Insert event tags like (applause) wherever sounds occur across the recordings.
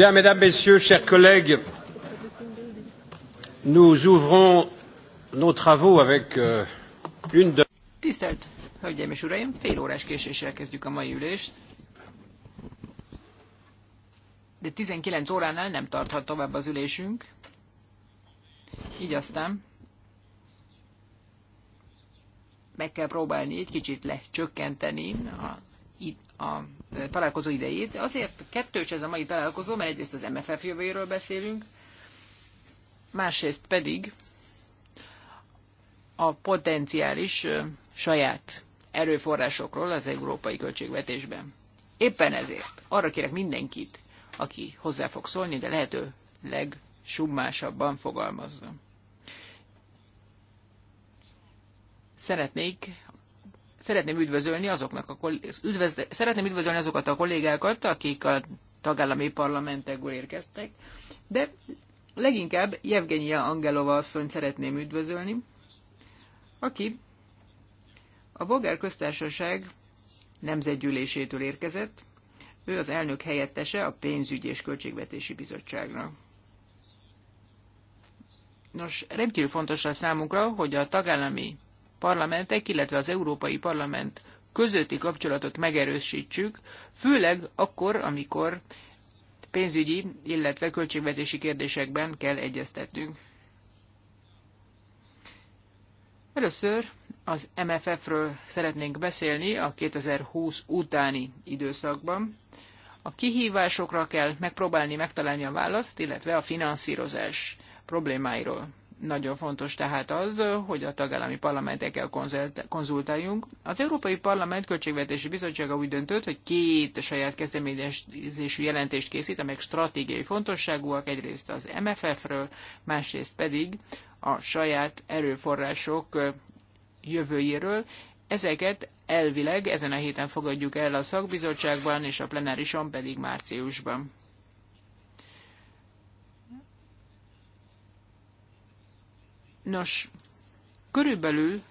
Bien, mesdames, messieurs, chers collègues, nous ouvrons nos travaux avec euh, une de... Tisztelt Hölgyeim és Uraim, fél órás késéssel kezdjük a mai ülést, de 19 óránál nem tarthat tovább az ülésünk, így aztán meg kell próbálni egy kicsit lecsökkenteni az a találkozó idejét. Azért kettős ez a mai találkozó, mert egyrészt az MFF jövőjéről beszélünk, másrészt pedig a potenciális saját erőforrásokról az európai költségvetésben. Éppen ezért arra kérek mindenkit, aki hozzá fog szólni, de lehető legsummásabban fogalmazza. szeretnék szeretném üdvözölni azoknak a üdvözle, szeretném üdvözölni azokat a kollégákat, akik a tagállami parlamentekből érkeztek, de leginkább Jevgenia Angelova asszonyt szeretném üdvözölni, aki a Bogár Köztársaság nemzetgyűlésétől érkezett, ő az elnök helyettese a pénzügyi és költségvetési bizottságnak. Nos, rendkívül fontos a számunkra, hogy a tagállami parlamentek, illetve az Európai Parlament közötti kapcsolatot megerősítsük, főleg akkor, amikor pénzügyi, illetve költségvetési kérdésekben kell egyeztetnünk. Először az MFF-ről szeretnénk beszélni a 2020 utáni időszakban. A kihívásokra kell megpróbálni megtalálni a választ, illetve a finanszírozás problémáiról. Nagyon fontos tehát az, hogy a tagállami parlamentekkel konzultáljunk. Az Európai Parlament Költségvetési Bizottsága úgy döntött, hogy két saját kezdeményezésű jelentést készít, amelyek stratégiai fontosságúak, egyrészt az MFF-ről, másrészt pedig a saját erőforrások jövőjéről. Ezeket elvileg ezen a héten fogadjuk el a szakbizottságban, és a plenárison pedig márciusban. Nos, körülbelül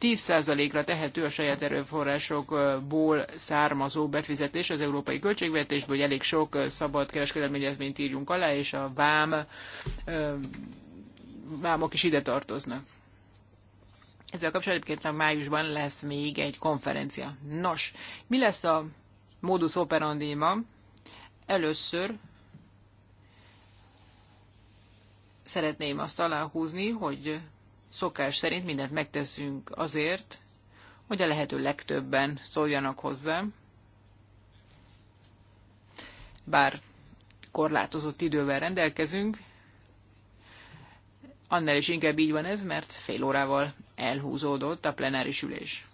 10%-ra tehető a saját erőforrásokból származó befizetés az európai költségvetésből, hogy elég sok szabad kereskedelmegyezményt írjunk alá, és a vám, vámok is ide tartoznak. Ezzel kapcsolatban egyébként májusban lesz még egy konferencia. Nos, mi lesz a modus operandi ma? Először Szeretném azt aláhúzni, hogy szokás szerint mindent megteszünk azért, hogy a lehető legtöbben szóljanak hozzám, bár korlátozott idővel rendelkezünk, annál is inkább így van ez, mert fél órával elhúzódott a plenáris ülés.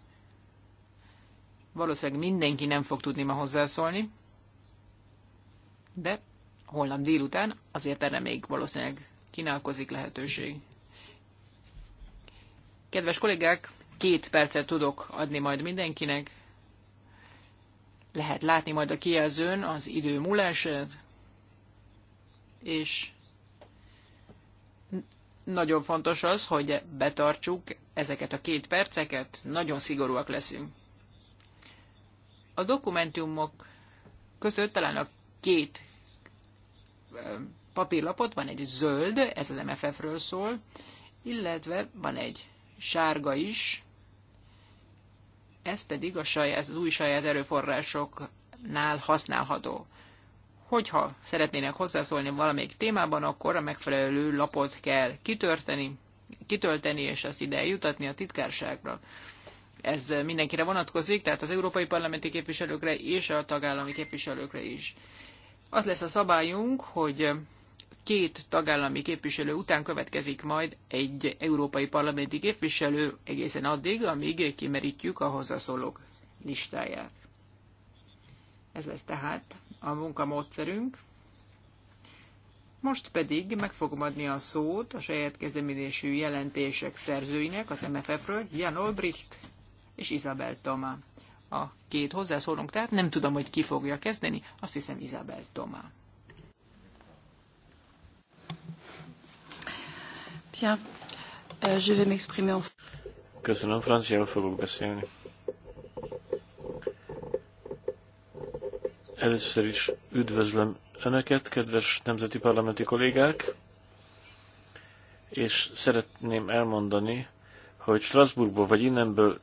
Valószínűleg mindenki nem fog tudni ma hozzászólni, de holnap délután azért erre még valószínűleg kínálkozik lehetőség. Kedves kollégák, két percet tudok adni majd mindenkinek. Lehet látni majd a kijelzőn az idő múlását, és nagyon fontos az, hogy betartsuk ezeket a két perceket, nagyon szigorúak leszünk. A dokumentumok között talán a két papírlapot, van egy zöld, ez az MFF-ről szól, illetve van egy sárga is, ez pedig a saját, az új saját erőforrásoknál használható. Hogyha szeretnének hozzászólni valamelyik témában, akkor a megfelelő lapot kell kitörteni, kitölteni és azt ide jutatni a titkárságra. Ez mindenkire vonatkozik, tehát az európai parlamenti képviselőkre és a tagállami képviselőkre is. Az lesz a szabályunk, hogy két tagállami képviselő után következik majd egy európai parlamenti képviselő egészen addig, amíg kimerítjük a hozzászólók listáját. Ez lesz tehát a munkamódszerünk. Most pedig meg fogom adni a szót a saját kezdeményezésű jelentések szerzőinek az MFF-ről, Jan Olbricht és Isabel Toma. A két hozzászólónk, tehát nem tudom, hogy ki fogja kezdeni, azt hiszem Isabel Toma. Euh, Köszönöm, franciául fogok beszélni. Először is üdvözlöm Önöket, kedves nemzeti parlamenti kollégák, és szeretném elmondani, hogy Strasbourgból vagy innenből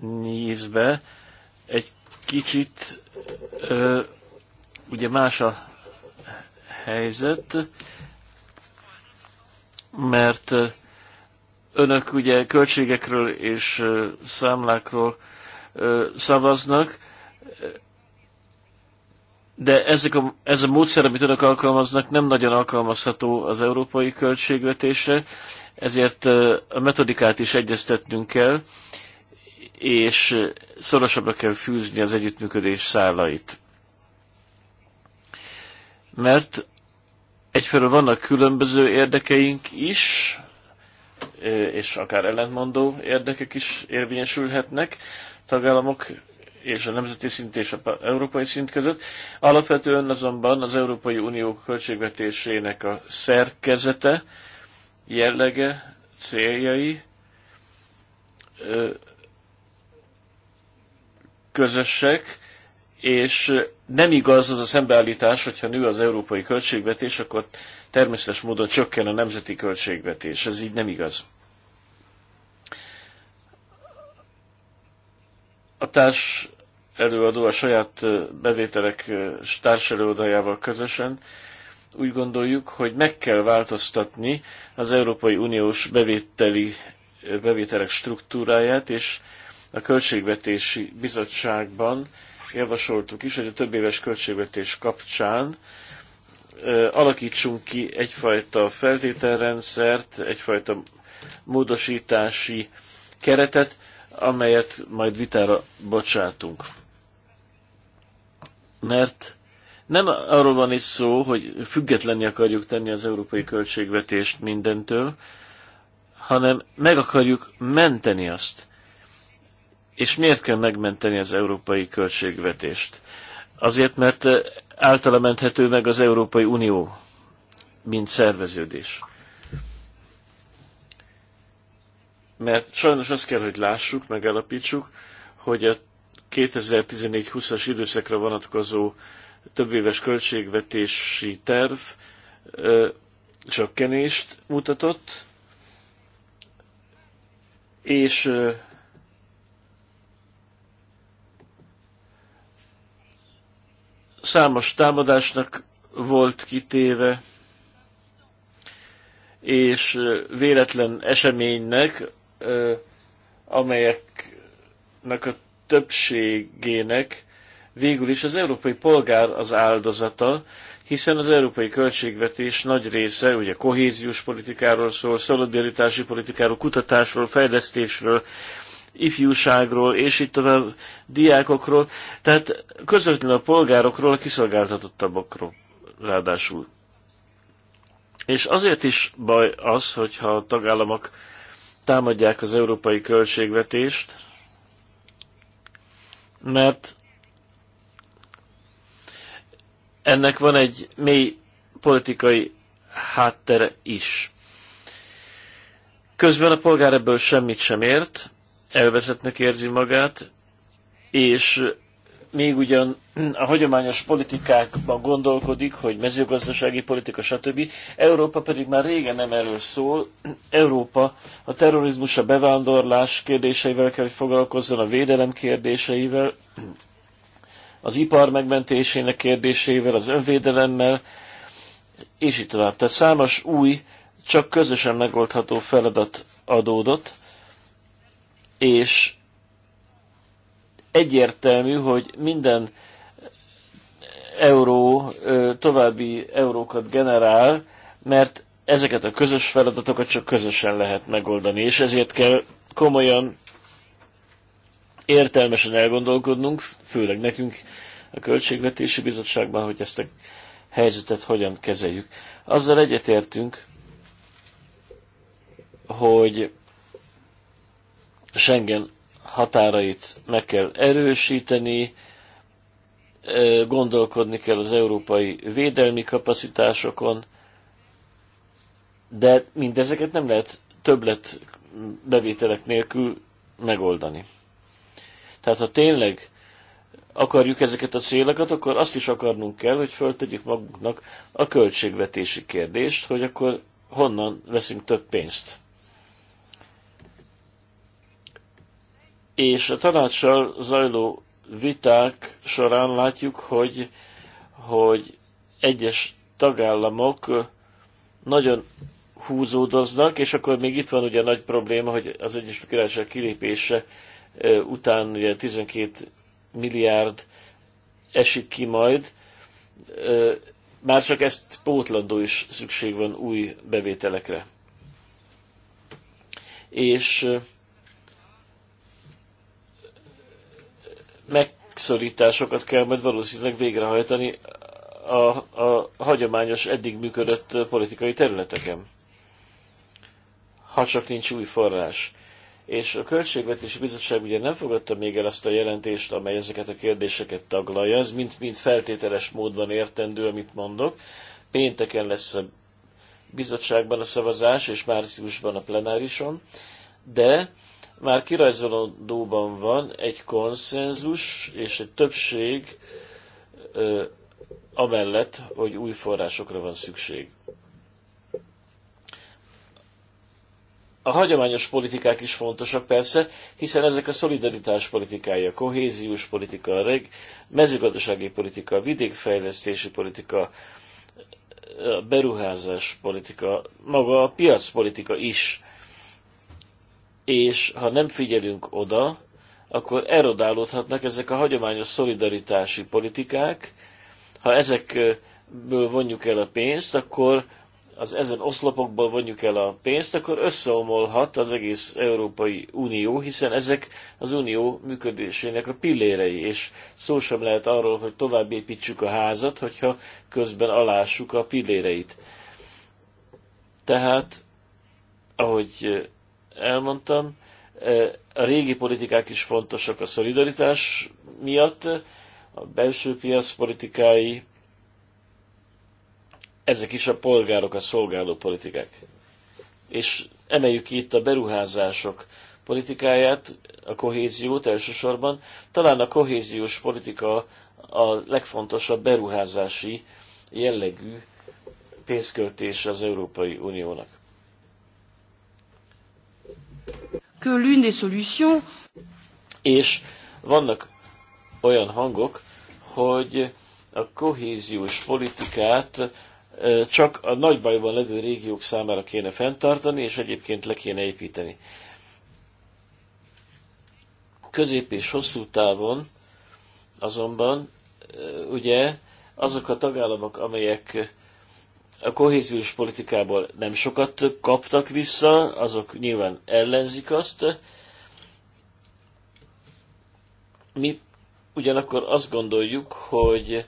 nézve egy kicsit ö, ugye más a helyzet, mert önök ugye költségekről és számlákról szavaznak, de ezek a, ez a módszer, amit önök alkalmaznak, nem nagyon alkalmazható az európai költségvetésre, ezért a metodikát is egyeztetnünk kell, és szorosabbra kell fűzni az együttműködés szálait. Mert egyfelől vannak különböző érdekeink is, és akár ellentmondó érdekek is érvényesülhetnek tagállamok és a nemzeti szint és a európai szint között. Alapvetően azonban az Európai Unió költségvetésének a szerkezete, jellege, céljai közösek, és nem igaz az a szembeállítás, hogyha nő az európai költségvetés, akkor természetes módon csökken a nemzeti költségvetés. Ez így nem igaz. A társ előadó a saját bevételek társ előadójával közösen úgy gondoljuk, hogy meg kell változtatni az Európai Uniós bevételi, bevételek struktúráját, és a Költségvetési Bizottságban javasoltuk is, hogy a több éves költségvetés kapcsán alakítsunk ki egyfajta feltételrendszert, egyfajta módosítási keretet, amelyet majd vitára bocsátunk. Mert nem arról van is szó, hogy függetlenni akarjuk tenni az európai költségvetést mindentől, hanem meg akarjuk menteni azt. És miért kell megmenteni az európai költségvetést? Azért, mert általa menthető meg az Európai Unió, mint szerveződés. Mert sajnos azt kell, hogy lássuk, megállapítsuk, hogy a 2014-20-as időszakra vonatkozó éves költségvetési terv ö, csökkenést mutatott, és számos támadásnak volt kitéve, és véletlen eseménynek, amelyeknek a többségének végül is az európai polgár az áldozata, hiszen az európai költségvetés nagy része, ugye kohéziós politikáról szól, szolidaritási politikáról, kutatásról, fejlesztésről, ifjúságról, és itt tovább diákokról, tehát közvetlenül a polgárokról, a kiszolgáltatottabbakról ráadásul. És azért is baj az, hogyha a tagállamok támadják az európai költségvetést, mert ennek van egy mély politikai háttere is. Közben a polgár ebből semmit sem ért, elvezetnek érzi magát, és még ugyan a hagyományos politikákban gondolkodik, hogy mezőgazdasági politika, stb. Európa pedig már régen nem erről szól. Európa a terrorizmus, a bevándorlás kérdéseivel kell, hogy foglalkozzon, a védelem kérdéseivel, az ipar megmentésének kérdésével, az önvédelemmel, és így tovább. Tehát számos új, csak közösen megoldható feladat adódott, és egyértelmű, hogy minden euró további eurókat generál, mert ezeket a közös feladatokat csak közösen lehet megoldani, és ezért kell komolyan, értelmesen elgondolkodnunk, főleg nekünk a Költségvetési Bizottságban, hogy ezt a helyzetet hogyan kezeljük. Azzal egyetértünk, hogy Schengen határait meg kell erősíteni, gondolkodni kell az európai védelmi kapacitásokon, de mindezeket nem lehet többlet bevételek nélkül megoldani. Tehát ha tényleg akarjuk ezeket a célokat, akkor azt is akarnunk kell, hogy föltegyük magunknak a költségvetési kérdést, hogy akkor honnan veszünk több pénzt. és a tanácssal zajló viták során látjuk, hogy, hogy egyes tagállamok nagyon húzódoznak, és akkor még itt van ugye nagy probléma, hogy az Egyesült Királyság kilépése után ugye 12 milliárd esik ki majd, már csak ezt pótlandó is szükség van új bevételekre. És megszorításokat kell majd valószínűleg végrehajtani a, a hagyományos eddig működött politikai területeken. Ha csak nincs új forrás. És a Költségvetési Bizottság ugye nem fogadta még el azt a jelentést, amely ezeket a kérdéseket taglalja. Ez mind, mind feltételes módban értendő, amit mondok. Pénteken lesz a bizottságban a szavazás, és márciusban a plenárison. De már kirajzolódóban van egy konszenzus és egy többség ö, amellett, hogy új forrásokra van szükség. A hagyományos politikák is fontosak persze, hiszen ezek a szolidaritás politikája, a kohéziós politika, a reg, mezőgazdasági politika, a vidékfejlesztési politika, a beruházás politika, maga a piacpolitika is és ha nem figyelünk oda, akkor erodálódhatnak ezek a hagyományos szolidaritási politikák. Ha ezekből vonjuk el a pénzt, akkor az ezen oszlopokból vonjuk el a pénzt, akkor összeomolhat az egész Európai Unió, hiszen ezek az unió működésének a pillérei, és szó sem lehet arról, hogy tovább építsük a házat, hogyha közben alássuk a pilléreit. Tehát, ahogy elmondtam. A régi politikák is fontosak a szolidaritás miatt, a belső piac politikái, ezek is a polgárokat szolgáló politikák. És emeljük itt a beruházások politikáját, a kohéziót elsősorban. Talán a kohéziós politika a legfontosabb beruházási jellegű pénzköltése az Európai Uniónak. que l'une des solutions... És vannak olyan hangok, hogy a kohéziós politikát csak a nagy bajban levő régiók számára kéne fenntartani, és egyébként le kéne építeni. Közép és hosszú távon azonban ugye azok a tagállamok, amelyek a kohéziós politikából nem sokat kaptak vissza, azok nyilván ellenzik azt. Mi ugyanakkor azt gondoljuk, hogy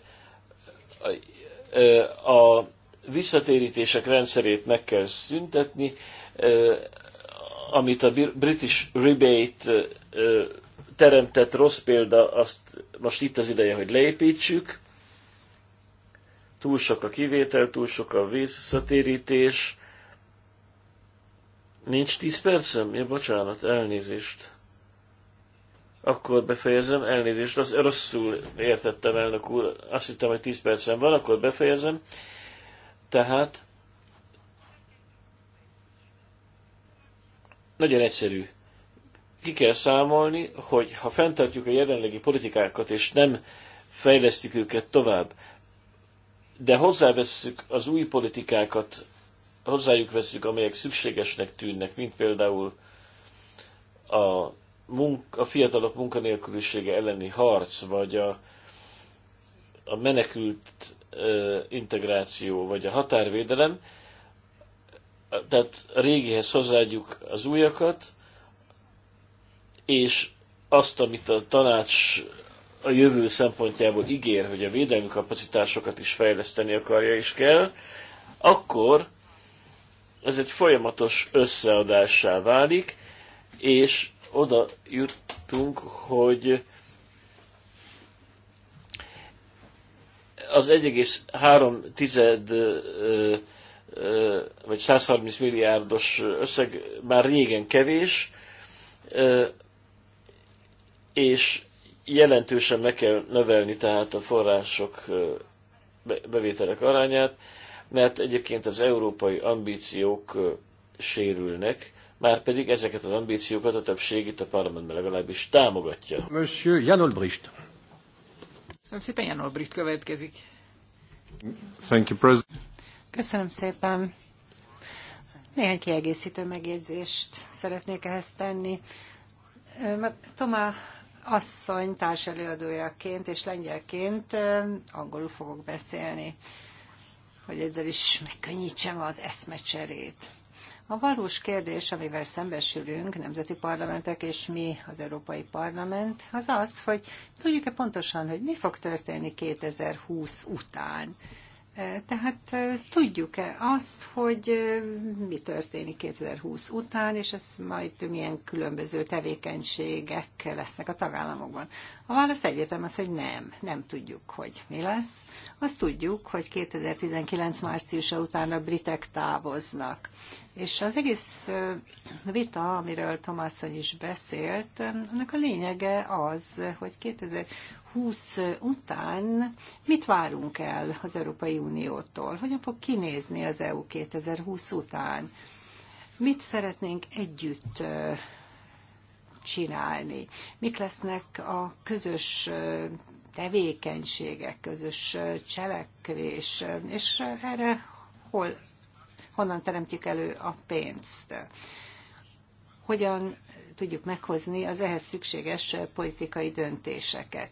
a visszatérítések rendszerét meg kell szüntetni, amit a British Rebate teremtett rossz példa, azt most itt az ideje, hogy leépítsük, túl sok a kivétel, túl sok a visszatérítés. Nincs tíz percem? Ja, bocsánat, elnézést. Akkor befejezem, elnézést, az rosszul értettem, elnök úr. Azt hittem, hogy tíz percem van, akkor befejezem. Tehát nagyon egyszerű. Ki kell számolni, hogy ha fenntartjuk a jelenlegi politikákat, és nem fejlesztjük őket tovább, de hozzáveszük az új politikákat, hozzájuk veszük, amelyek szükségesnek tűnnek, mint például a, munk, a fiatalok munkanélkülisége elleni harc, vagy a, a menekült ö, integráció, vagy a határvédelem, tehát a régihez hozzáadjuk az újakat, és azt, amit a tanács a jövő szempontjából ígér, hogy a védelmi kapacitásokat is fejleszteni akarja is kell, akkor ez egy folyamatos összeadássá válik, és oda jutunk, hogy az 1,3 tized vagy 130 milliárdos összeg már régen kevés, és jelentősen meg kell növelni tehát a források bevételek arányát, mert egyébként az európai ambíciók sérülnek, már pedig ezeket az ambíciókat a többség itt a parlamentben legalábbis támogatja. Monsieur Jan Olbricht. Köszönöm szépen, Jan Olbricht következik. Thank you, President. Köszönöm szépen. Néhány kiegészítő megjegyzést szeretnék ehhez tenni. Tomá asszony társelőadójaként és lengyelként angolul fogok beszélni, hogy ezzel is megkönnyítsem az eszmecserét. A valós kérdés, amivel szembesülünk, nemzeti parlamentek és mi, az Európai Parlament, az az, hogy tudjuk-e pontosan, hogy mi fog történni 2020 után. Tehát tudjuk-e azt, hogy mi történik 2020 után, és ez majd milyen különböző tevékenységek lesznek a tagállamokban? A válasz egyetem az, hogy nem, nem tudjuk, hogy mi lesz. Azt tudjuk, hogy 2019 márciusa után a britek távoznak. És az egész vita, amiről Tomászony is beszélt, annak a lényege az, hogy 2020 2020 után mit várunk el az Európai Uniótól? Hogyan fog kinézni az EU 2020 után? Mit szeretnénk együtt csinálni? Mik lesznek a közös tevékenységek, közös cselekvés, és erre hol, honnan teremtjük elő a pénzt? Hogyan tudjuk meghozni az ehhez szükséges politikai döntéseket.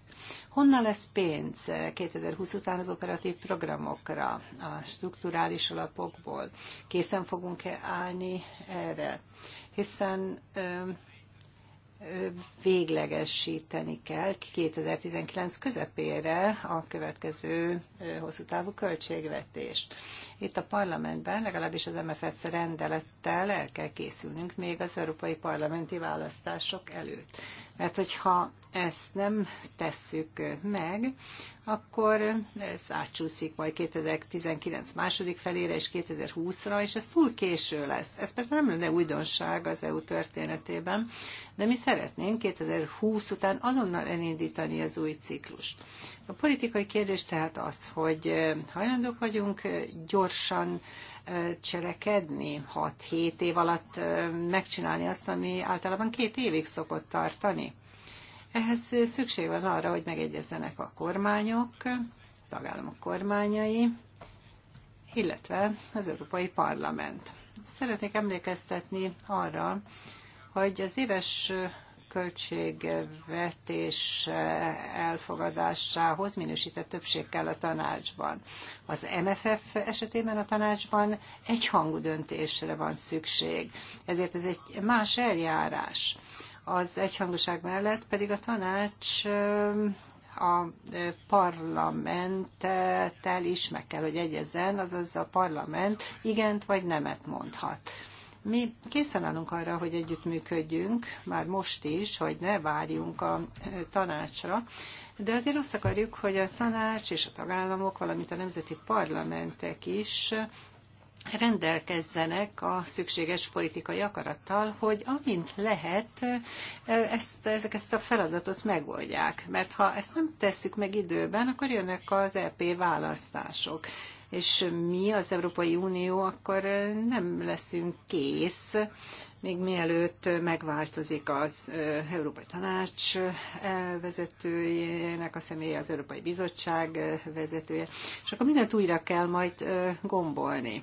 Honnan lesz pénz 2020 után az operatív programokra, a strukturális alapokból? Készen fogunk-e állni erre? Hiszen véglegesíteni kell 2019 közepére a következő hosszú távú költségvetést. Itt a parlamentben, legalábbis az MFF rendelettel el kell készülnünk még az európai parlamenti választások előtt. Mert hogyha ezt nem tesszük meg, akkor ez átsúszik majd 2019 második felére és 2020-ra, és ez túl késő lesz. Ez persze nem lenne újdonság az EU történetében, de mi szeretnénk 2020 után azonnal elindítani az új ciklust. A politikai kérdés tehát az, hogy hajlandók vagyunk gyorsan cselekedni, 6-7 év alatt megcsinálni azt, ami általában két évig szokott tartani. Ehhez szükség van arra, hogy megegyezzenek a kormányok, tagállamok kormányai, illetve az Európai Parlament. Szeretnék emlékeztetni arra, hogy az éves költségvetés elfogadásához minősített többség kell a tanácsban. Az MFF esetében a tanácsban egyhangú döntésre van szükség, ezért ez egy más eljárás. Az egyhangúság mellett pedig a tanács a parlamenttel is meg kell, hogy egyezzen, azaz a parlament igent vagy nemet mondhat. Mi készen állunk arra, hogy együttműködjünk, már most is, hogy ne várjunk a eh, tanácsra, de azért azt akarjuk, hogy a tanács és a tagállamok, valamint a nemzeti parlamentek is rendelkezzenek a szükséges politikai akarattal, hogy amint lehet, eh, ezt, ezt a feladatot megoldják. Mert ha ezt nem tesszük meg időben, akkor jönnek az EP választások és mi, az Európai Unió, akkor nem leszünk kész, még mielőtt megváltozik az Európai Tanács vezetőjének a személye, az Európai Bizottság vezetője, és akkor mindent újra kell majd gombolni.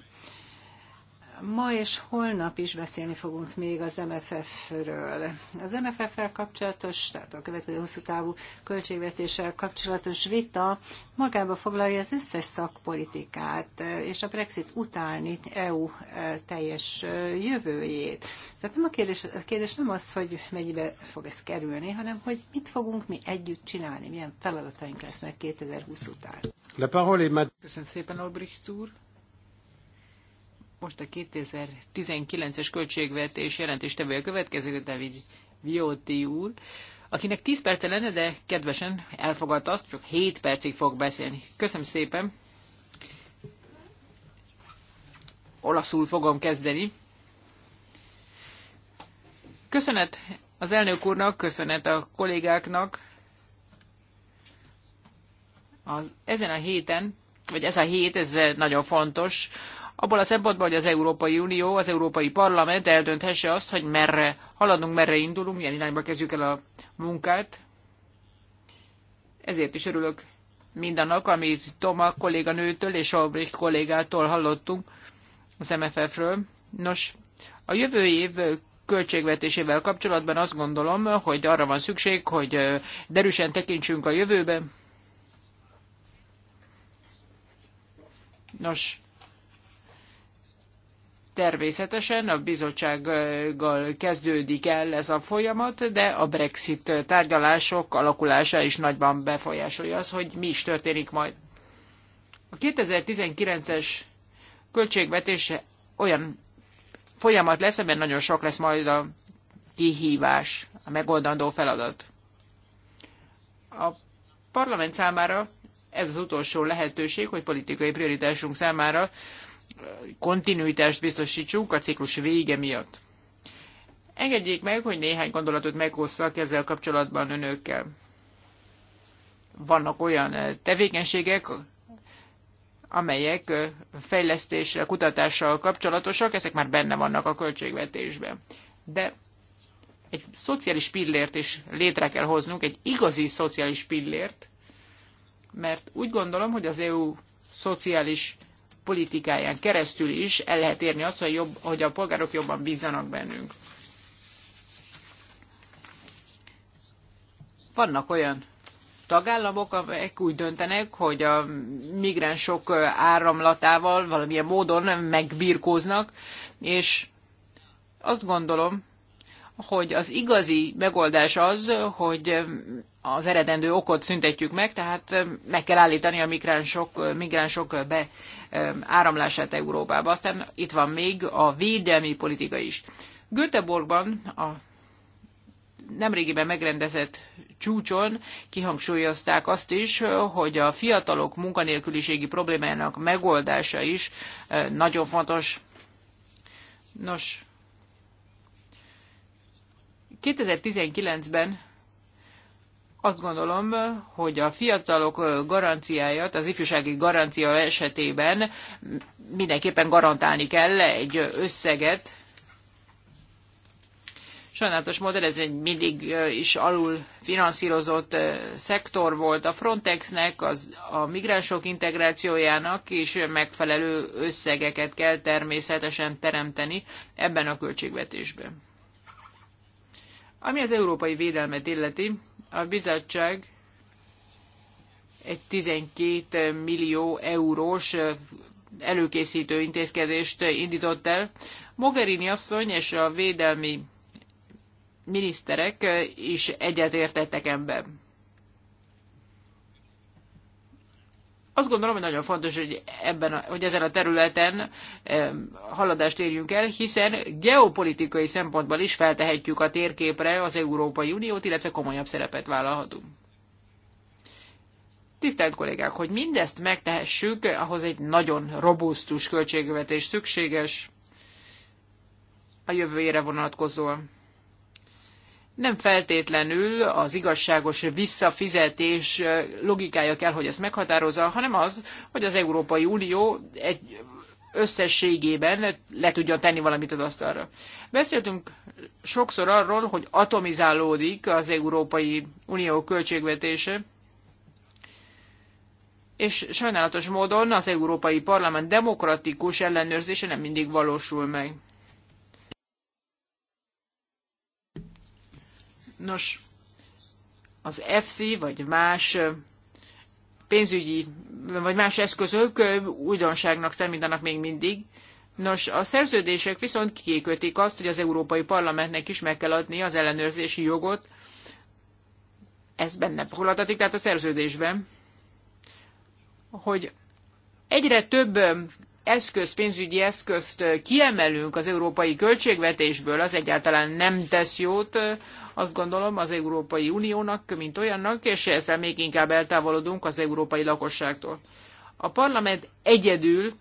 Ma és holnap is beszélni fogunk még az MFF-ről. Az mff rel kapcsolatos, tehát a következő hosszú távú költségvetéssel kapcsolatos vita magába foglalja az összes szakpolitikát és a Brexit utáni EU e, teljes jövőjét. Tehát nem a kérdés, a kérdés nem az, hogy mennyibe fog ez kerülni, hanem hogy mit fogunk mi együtt csinálni, milyen feladataink lesznek 2020 után. Köszönöm szépen, Albrecht úr. Most a 2019-es költségvetés jelentéstevője következő, David Vioti úr, akinek 10 perce lenne, de kedvesen elfogadta azt, csak 7 percig fog beszélni. Köszönöm szépen! Olaszul fogom kezdeni. Köszönet az elnök úrnak, köszönet a kollégáknak. A, ezen a héten, vagy ez a hét, ez nagyon fontos, abból a szempontból, hogy az Európai Unió, az Európai Parlament eldönthesse azt, hogy merre haladunk, merre indulunk, milyen irányba kezdjük el a munkát. Ezért is örülök mindannak, amit Toma kolléganőtől és Albrecht kollégától hallottunk az MFF-ről. Nos, a jövő év költségvetésével kapcsolatban azt gondolom, hogy arra van szükség, hogy derűsen tekintsünk a jövőbe. Nos, Természetesen a bizottsággal kezdődik el ez a folyamat, de a Brexit tárgyalások alakulása is nagyban befolyásolja az, hogy mi is történik majd. A 2019-es költségvetése olyan folyamat lesz, ebben nagyon sok lesz majd a kihívás, a megoldandó feladat. A parlament számára ez az utolsó lehetőség, hogy politikai prioritásunk számára kontinuitást biztosítsunk a ciklus vége miatt. Engedjék meg, hogy néhány gondolatot meghosszak ezzel kapcsolatban önökkel. Vannak olyan eh, tevékenységek, amelyek eh, fejlesztésre, kutatással kapcsolatosak, ezek már benne vannak a költségvetésben. De egy szociális pillért is létre kell hoznunk, egy igazi szociális pillért, mert úgy gondolom, hogy az EU szociális politikáján keresztül is el lehet érni azt, hogy, jobb, hogy a polgárok jobban bízzanak bennünk. Vannak olyan tagállamok, amelyek úgy döntenek, hogy a migránsok áramlatával valamilyen módon megbirkóznak, és azt gondolom, hogy az igazi megoldás az, hogy az eredendő okot szüntetjük meg, tehát meg kell állítani a migránsok, migránsok áramlását Európába. Aztán itt van még a védelmi politika is. Göteborgban a nemrégiben megrendezett csúcson kihangsúlyozták azt is, hogy a fiatalok munkanélküliségi problémájának megoldása is nagyon fontos. Nos, 2019-ben azt gondolom, hogy a fiatalok garanciáját, az ifjúsági garancia esetében mindenképpen garantálni kell egy összeget. Sajnálatos módon ez egy mindig is alul finanszírozott eh, szektor volt a Frontexnek, az, a migránsok integrációjának is megfelelő összegeket kell természetesen teremteni ebben a költségvetésben. Ami az európai védelmet illeti, a bizottság egy 12 millió eurós előkészítő intézkedést indított el. Mogherini asszony és a védelmi miniszterek is egyetértettek ebben. azt gondolom, hogy nagyon fontos, hogy, ebben a, hogy ezen a területen haladást érjünk el, hiszen geopolitikai szempontból is feltehetjük a térképre az Európai Uniót, illetve komolyabb szerepet vállalhatunk. Tisztelt kollégák, hogy mindezt megtehessük, ahhoz egy nagyon robusztus költségvetés szükséges a jövőjére vonatkozóan nem feltétlenül az igazságos visszafizetés logikája kell, hogy ezt meghatározza, hanem az, hogy az Európai Unió egy összességében le tudja tenni valamit az asztalra. Beszéltünk sokszor arról, hogy atomizálódik az Európai Unió költségvetése, és sajnálatos módon az Európai Parlament demokratikus ellenőrzése nem mindig valósul meg. Nos, az FC vagy más pénzügyi, vagy más eszközök újdonságnak számítanak még mindig. Nos, a szerződések viszont kikötik azt, hogy az Európai Parlamentnek is meg kell adni az ellenőrzési jogot. Ez benne foglaltatik, tehát a szerződésben, hogy egyre több eszköz, pénzügyi eszközt kiemelünk az európai költségvetésből, az egyáltalán nem tesz jót, azt gondolom, az Európai Uniónak, mint olyannak, és ezzel még inkább eltávolodunk az európai lakosságtól. A parlament egyedül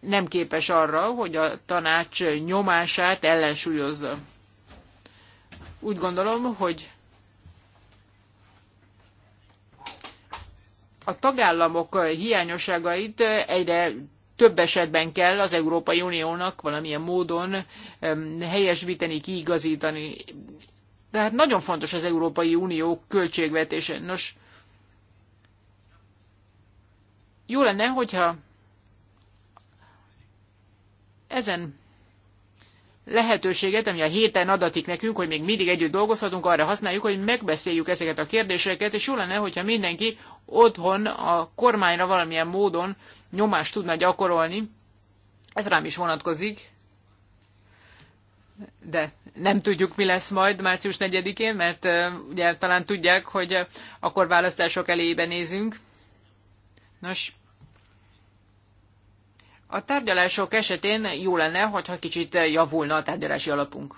nem képes arra, hogy a tanács nyomását ellensúlyozza. Úgy gondolom, hogy a tagállamok hiányosságait egyre több esetben kell az Európai Uniónak valamilyen módon helyesbíteni, kiigazítani. De hát nagyon fontos az Európai Unió költségvetése. Nos, jó lenne, hogyha ezen lehetőséget, ami a héten adatik nekünk, hogy még mindig együtt dolgozhatunk, arra használjuk, hogy megbeszéljük ezeket a kérdéseket, és jó lenne, hogyha mindenki otthon a kormányra valamilyen módon nyomást tudna gyakorolni. Ez rám is vonatkozik, de nem tudjuk, mi lesz majd március 4-én, mert ugye talán tudják, hogy akkor választások elébe nézünk. Nos, a tárgyalások esetén jó lenne, hogyha kicsit javulna a tárgyalási alapunk.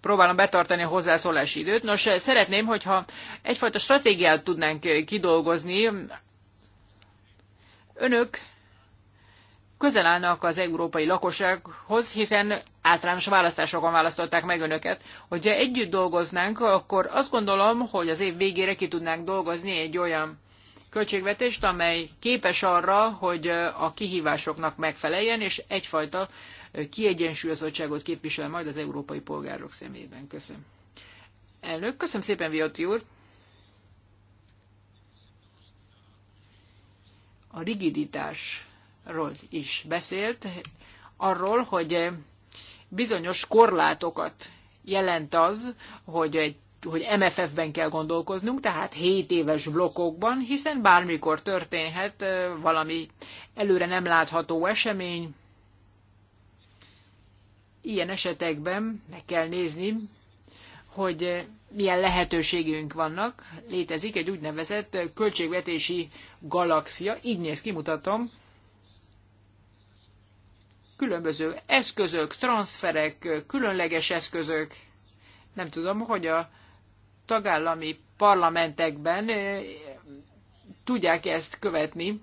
próbálom betartani a hozzászólási időt. Nos, eh, szeretném, hogyha egyfajta stratégiát tudnánk eh, kidolgozni. Önök közel állnak az európai lakossághoz, hiszen általános választásokon választották meg önöket. Hogyha együtt dolgoznánk, akkor azt gondolom, hogy az év végére ki tudnánk dolgozni egy olyan költségvetést, amely képes arra, hogy eh, a kihívásoknak megfeleljen, és egyfajta kiegyensúlyozottságot képvisel majd az európai polgárok szemében. Köszönöm. Elnök, köszönöm szépen, Viotti úr. A rigiditásról is beszélt, arról, hogy bizonyos korlátokat jelent az, hogy egy hogy MFF-ben kell gondolkoznunk, tehát 7 éves blokkokban, hiszen bármikor történhet valami előre nem látható esemény, Ilyen esetekben meg kell nézni, hogy milyen lehetőségünk vannak. Létezik egy úgynevezett költségvetési galaxia. Így néz ki, mutatom. Különböző eszközök, transferek, különleges eszközök. Nem tudom, hogy a tagállami parlamentekben eh, tudják ezt követni.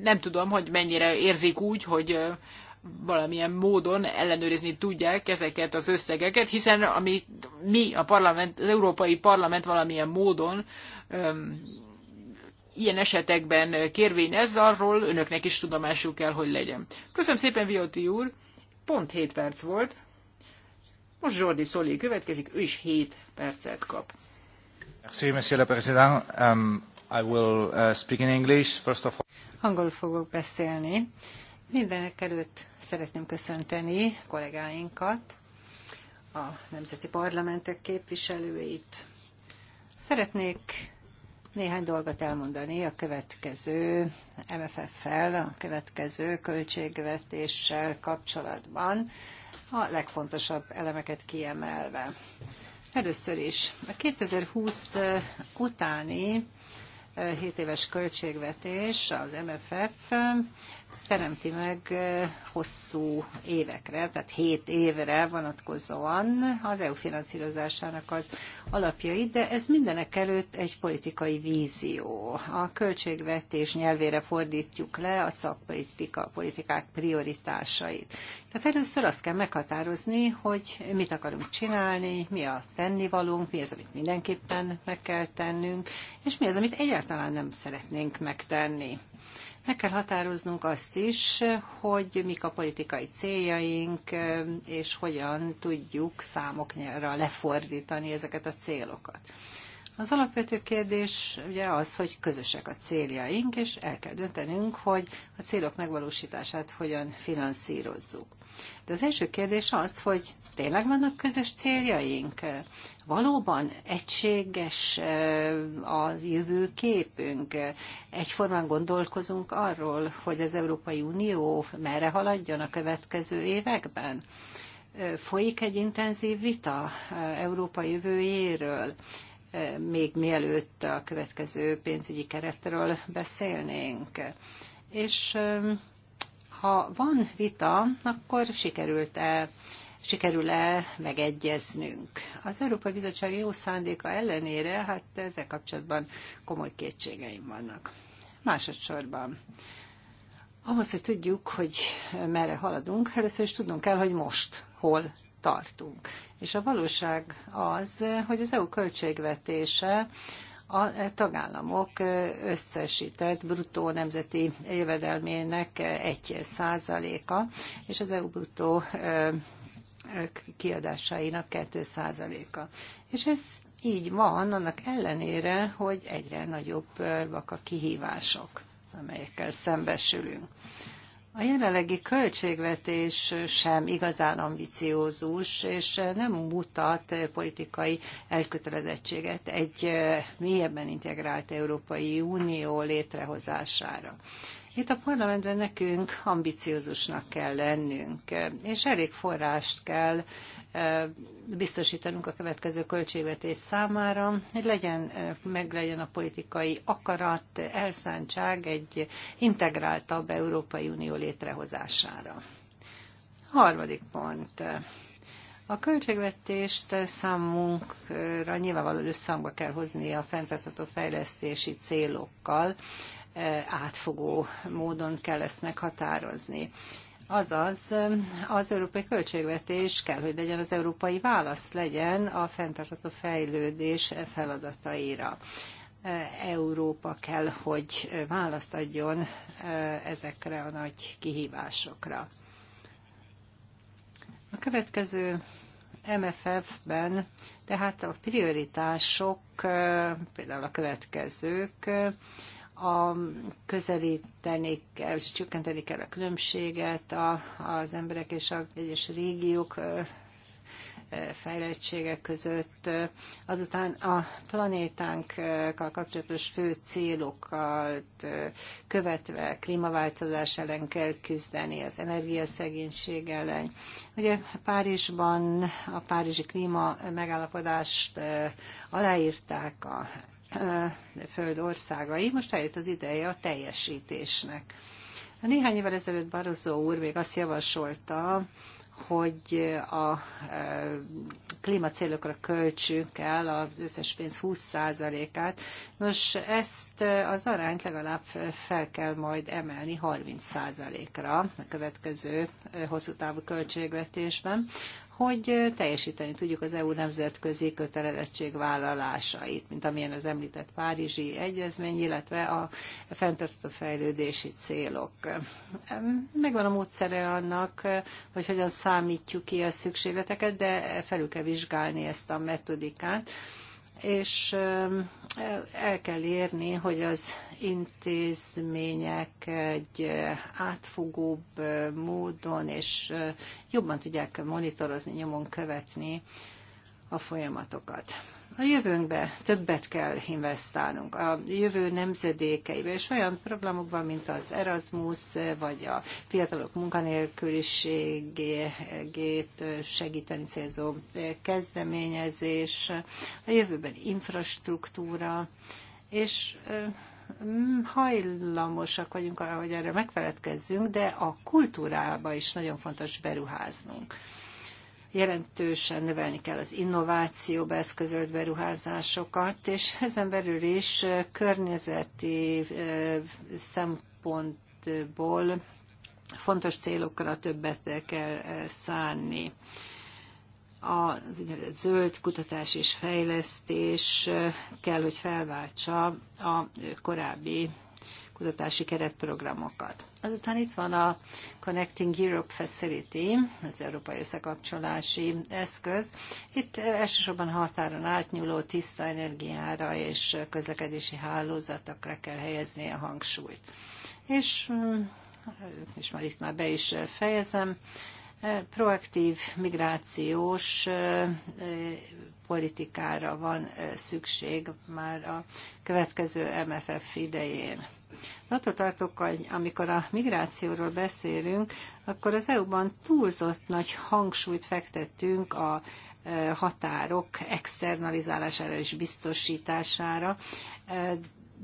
nem tudom, hogy mennyire érzik úgy, hogy valamilyen módon ellenőrizni tudják ezeket az összegeket, hiszen ami mi a parlament, az Európai Parlament valamilyen módon öm, ilyen esetekben kérvényez, arról önöknek is tudomásuk kell, hogy legyen. Köszönöm szépen, Vioti úr! Pont 7 perc volt. Most Jordi Szolé következik, ő is 7 percet kap. Merci, monsieur le président. Um, I will uh, speak in English, first of all. Angolul fogok beszélni. Mindenek előtt szeretném köszönteni kollégáinkat, a nemzeti parlamentek képviselőit. Szeretnék néhány dolgot elmondani a következő MFF-fel, a következő költségvetéssel kapcsolatban, a legfontosabb elemeket kiemelve. Először is a 2020 utáni 7 éves költségvetés, az MFF teremti meg hosszú évekre, tehát 7 évre vonatkozóan az EU finanszírozásának az alapjait, de ez mindenek előtt egy politikai vízió. A költségvetés nyelvére fordítjuk le a szakpolitika, politikák prioritásait. Tehát először azt kell meghatározni, hogy mit akarunk csinálni, mi a tennivalónk, mi az, amit mindenképpen meg kell tennünk, és mi az, amit egyáltalán nem szeretnénk megtenni. Meg kell határoznunk azt is, hogy mik a politikai céljaink, és hogyan tudjuk számokra lefordítani ezeket a célokat. Az alapvető kérdés ugye az, hogy közösek a céljaink, és el kell döntenünk, hogy a célok megvalósítását hogyan finanszírozzuk. De az első kérdés az, hogy tényleg vannak közös céljaink? Valóban egységes eh, a jövőképünk? Egyformán gondolkozunk arról, hogy az Európai Unió merre haladjon a következő években? Eh, folyik egy intenzív vita eh, Európa jövőjéről még mielőtt a következő pénzügyi keretről beszélnénk. És um, ha van vita, akkor sikerült-e sikerül-e megegyeznünk. Az Európai Bizottság jó szándéka ellenére, hát ezzel kapcsolatban komoly kétségeim vannak. Másodszorban, ahhoz, hogy tudjuk, hogy merre haladunk, először is tudnunk kell, hogy most, hol tartunk. És a valóság az, hogy az EU költségvetése a tagállamok összesített bruttó nemzeti jövedelmének egy százaléka, és az EU bruttó kiadásainak 2 százaléka. És ez így van, annak ellenére, hogy egyre nagyobbak a kihívások, amelyekkel szembesülünk. A jelenlegi költségvetés sem igazán ambiciózus, és nem mutat politikai elkötelezettséget egy mélyebben integrált Európai Unió létrehozására. Itt a parlamentben nekünk ambiciózusnak kell lennünk, és elég forrást kell biztosítanunk a következő költségvetés számára, hogy legyen, meg legyen a politikai akarat, elszántság egy integráltabb Európai Unió létrehozására. Harmadik pont. A költségvetést számunkra nyilvánvalóan összhangba kell hozni a fenntartható fejlesztési célokkal, átfogó módon kell ezt meghatározni. Azaz az európai költségvetés kell, hogy legyen az európai válasz legyen a fenntartható fejlődés feladataira. Európa kell, hogy választ adjon e, ezekre a nagy kihívásokra. A következő MFF-ben tehát a prioritások e, például a következők a közelíteni kell, és csökkenteni kell a különbséget a, az emberek és a egyes régiók fejlettségek között. Azután a planétánkkal kapcsolatos fő célokat követve klímaváltozás ellen kell küzdeni, az energiaszegénység ellen. Ugye Párizsban a Párizsi klíma megállapodást aláírták a föld országai. Most eljött az ideje a teljesítésnek. Néhány évvel ezelőtt Barozó úr még azt javasolta, hogy a klímacélokra költsünk el az összes pénz 20%-át. Nos, ezt az arányt legalább fel kell majd emelni 30%-ra a következő hosszú távú költségvetésben hogy teljesíteni tudjuk az EU nemzetközi kötelezettségvállalásait, mint amilyen az említett Párizsi Egyezmény, illetve a fenntartható fejlődési célok. Megvan a módszere annak, hogy hogyan számítjuk ki a szükségleteket, de felül kell vizsgálni ezt a metodikát, és el kell érni, hogy az intézmények egy átfogóbb módon és jobban tudják monitorozni, nyomon követni a folyamatokat a jövőnkbe többet kell investálnunk, a jövő nemzedékeibe, és olyan programokban, mint az Erasmus, vagy a fiatalok munkanélküliségét segíteni célzó kezdeményezés, a jövőben infrastruktúra, és mm, hajlamosak vagyunk hogy erre megfeledkezzünk, de a kultúrába is nagyon fontos beruháznunk jelentősen növelni kell az innovációba eszközölt beruházásokat, és ezen belül is környezeti szempontból fontos célokra többet kell szánni a zöld kutatás és fejlesztés kell, hogy felváltsa a korábbi kutatási keretprogramokat. Azután itt van a Connecting Europe Facility, az Európai Összekapcsolási Eszköz. Itt elsősorban határon átnyúló tiszta energiára és közlekedési hálózatokra kell helyezni a hangsúlyt. És, mm, és már itt már be is fejezem, proaktív migrációs politikára van szükség már a következő MFF idején. Attól tartok, amikor a migrációról beszélünk, akkor az EU-ban túlzott nagy hangsúlyt fektettünk a eh, határok externalizálására és biztosítására, eh,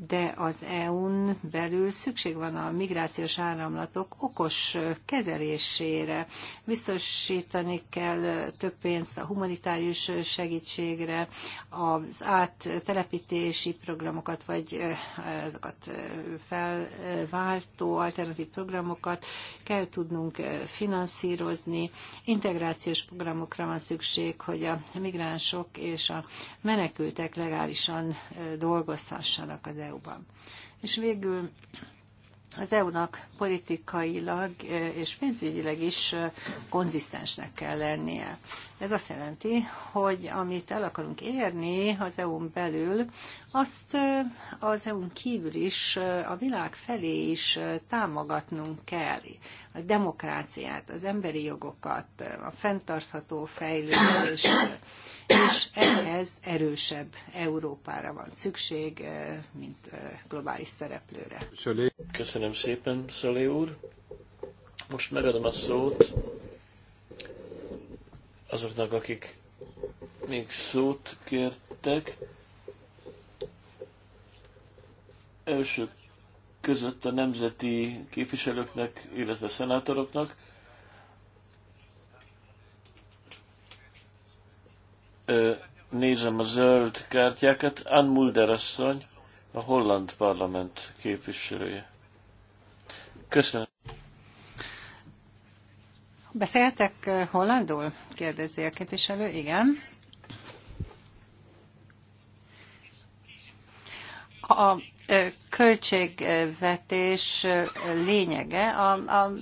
de az EU-n belül szükség van a migrációs áramlatok okos kezelésére. Biztosítani kell több pénzt a humanitárius segítségre, az áttelepítési programokat, vagy azokat felváltó alternatív programokat kell tudnunk finanszírozni. Integrációs programokra van szükség, hogy a migránsok és a menekültek legálisan dolgozhassanak az EU-ban. És végül az EU-nak politikailag és pénzügyileg is konzisztensnek kell lennie. Ez azt jelenti, hogy amit el akarunk érni az EU-n belül, azt az eu kívül is, a világ felé is támogatnunk kell. A demokráciát, az emberi jogokat, a fenntartható fejlődést, és ehhez erősebb Európára van szükség, mint globális szereplőre. Köszönöm szépen, Szolé úr. Most megadom a szót azoknak, akik még szót kértek. elsők között a nemzeti képviselőknek, illetve szenátoroknak. Nézem a zöld kártyákat. Ann Mulder asszony, a holland parlament képviselője. Köszönöm. Beszéltek hollandul? Kérdezi a képviselő. Igen. A költségvetés lényege a, a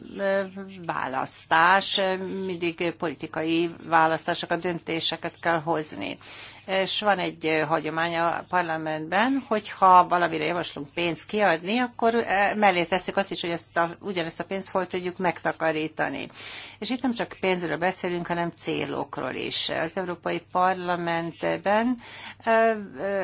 választás, mindig politikai választásokat, döntéseket kell hozni és van egy hagyomány a parlamentben, hogyha valamire javaslunk pénzt kiadni, akkor mellé tesszük azt is, hogy ezt a, ugyanezt a pénzt hol tudjuk megtakarítani. És itt nem csak pénzről beszélünk, hanem célokról is. Az Európai Parlamentben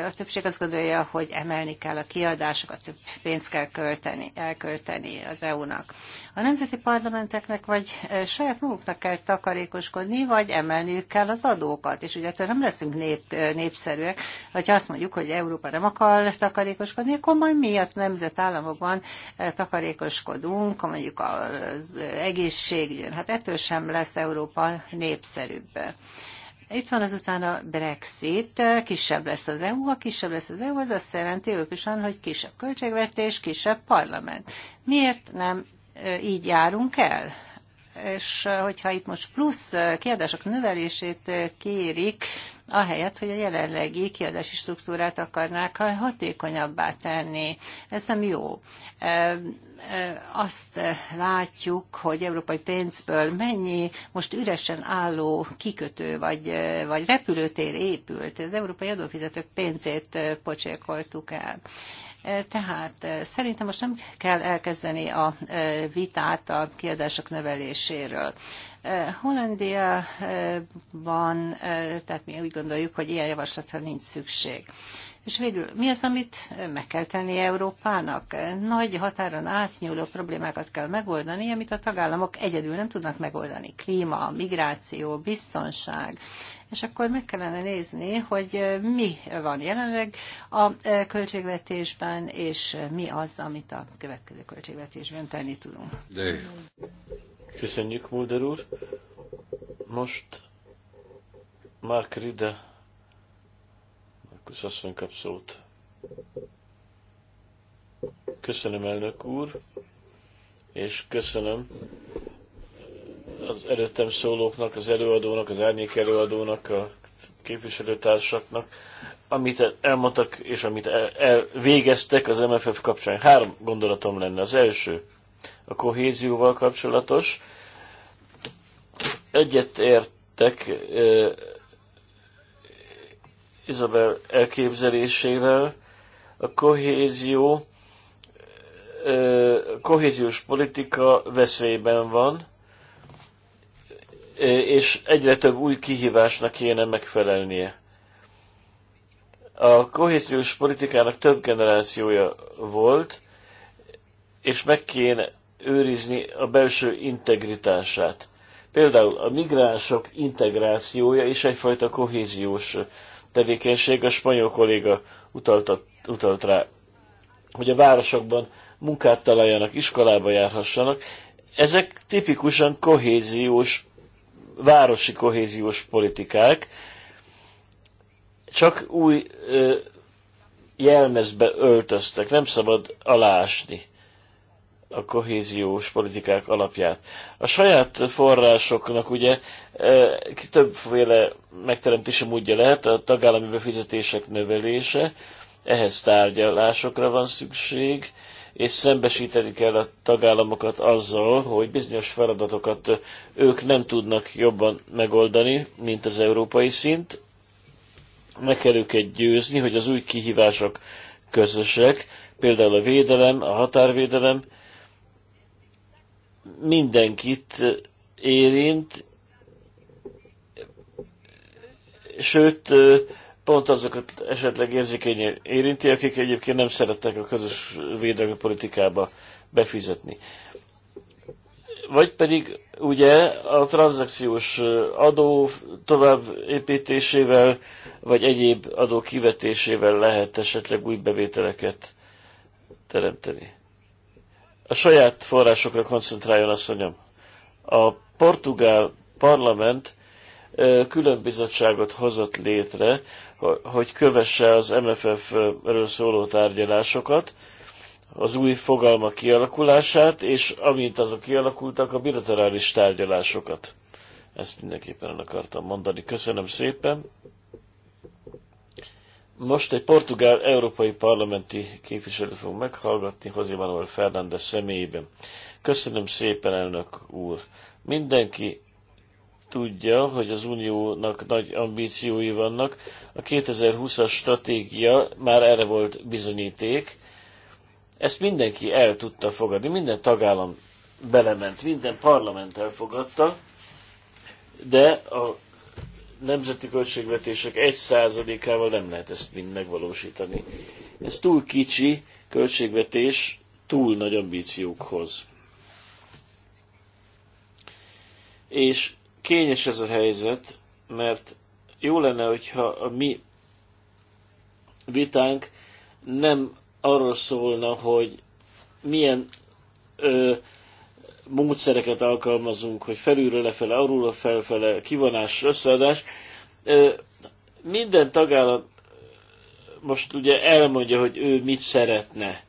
a többség azt gondolja, hogy emelni kell a kiadásokat, több pénzt kell költeni, elkölteni az EU-nak. A nemzeti parlamenteknek vagy saját maguknak kell takarékoskodni, vagy emelniük kell az adókat, és ugye nem leszünk nép népszerűek. Ha azt mondjuk, hogy Európa nem akar takarékoskodni, akkor majd miatt nemzetállamokban takarékoskodunk, mondjuk az egészségügyön. Hát ettől sem lesz Európa népszerűbb. Itt van azután a Brexit, kisebb lesz az EU, ha kisebb lesz az EU, az azt jelenti őkösen, hogy kisebb költségvetés, kisebb parlament. Miért nem így járunk el? És hogyha itt most plusz kiadások növelését kérik, ahelyett, hogy a jelenlegi kiadási struktúrát akarnák hatékonyabbá tenni. Ez nem jó azt látjuk, hogy európai pénzből mennyi most üresen álló kikötő vagy, vagy repülőtér épült. Az európai adófizetők pénzét pocsékoltuk el. Tehát szerintem most nem kell elkezdeni a vitát a kiadások növeléséről. Hollandiában, tehát mi úgy gondoljuk, hogy ilyen javaslatra nincs szükség. És végül, mi az, amit meg kell tenni Európának? Nagy határon átnyúló problémákat kell megoldani, amit a tagállamok egyedül nem tudnak megoldani. Klíma, migráció, biztonság. És akkor meg kellene nézni, hogy mi van jelenleg a költségvetésben, és mi az, amit a következő költségvetésben tenni tudunk. De. Köszönjük, Mulder úr. Most Mark Ride, Markus asszony kap szót. Köszönöm, elnök úr, és köszönöm az előttem szólóknak, az előadónak, az árnyék előadónak, a képviselőtársaknak, amit elmondtak és amit el, el végeztek az MFF kapcsán. Három gondolatom lenne. Az első, a kohézióval kapcsolatos. Egyet értek euh, Isabel elképzelésével. A kohézió, euh, kohéziós politika veszélyben van, és egyre több új kihívásnak kéne megfelelnie. A kohéziós politikának több generációja volt, és meg kéne őrizni a belső integritását. Például a migránsok integrációja és egyfajta kohéziós tevékenység, a spanyol kolléga utalt, utalt rá, hogy a városokban munkát találjanak, iskolába járhassanak. Ezek tipikusan kohéziós, városi kohéziós politikák, csak új ö, jelmezbe öltöztek, nem szabad alásni a kohéziós politikák alapját. A saját forrásoknak ugye e, többféle megteremtési módja lehet, a tagállami befizetések növelése, ehhez tárgyalásokra van szükség, és szembesíteni kell a tagállamokat azzal, hogy bizonyos feladatokat ők nem tudnak jobban megoldani, mint az európai szint. Meg kell őket győzni, hogy az új kihívások közösek, például a védelem, a határvédelem, mindenkit érint, sőt, pont azokat esetleg érzékenyen érinti, akik egyébként nem szerettek a közös védelmi politikába befizetni. Vagy pedig ugye a tranzakciós adó tovább építésével, vagy egyéb adó kivetésével lehet esetleg új bevételeket teremteni. A saját forrásokra koncentráljon, asszonyom. A portugál parlament külön bizottságot hozott létre, hogy kövesse az MFF-ről szóló tárgyalásokat, az új fogalmak kialakulását, és amint azok kialakultak, a bilaterális tárgyalásokat. Ezt mindenképpen el akartam mondani. Köszönöm szépen! Most egy portugál európai parlamenti képviselőt fogunk meghallgatni, José Manuel Fernández személyében. Köszönöm szépen, elnök úr. Mindenki tudja, hogy az uniónak nagy ambíciói vannak. A 2020-as stratégia már erre volt bizonyíték. Ezt mindenki el tudta fogadni, minden tagállam belement, minden parlament elfogadta, de a nemzeti költségvetések 1%-ával nem lehet ezt mind megvalósítani. Ez túl kicsi költségvetés, túl nagy ambíciókhoz. És kényes ez a helyzet, mert jó lenne, hogyha a mi vitánk nem arról szólna, hogy milyen ö, módszereket alkalmazunk, hogy felülről lefele, alulról felfele, kivonás, összeadás. Minden tagállam most ugye elmondja, hogy ő mit szeretne.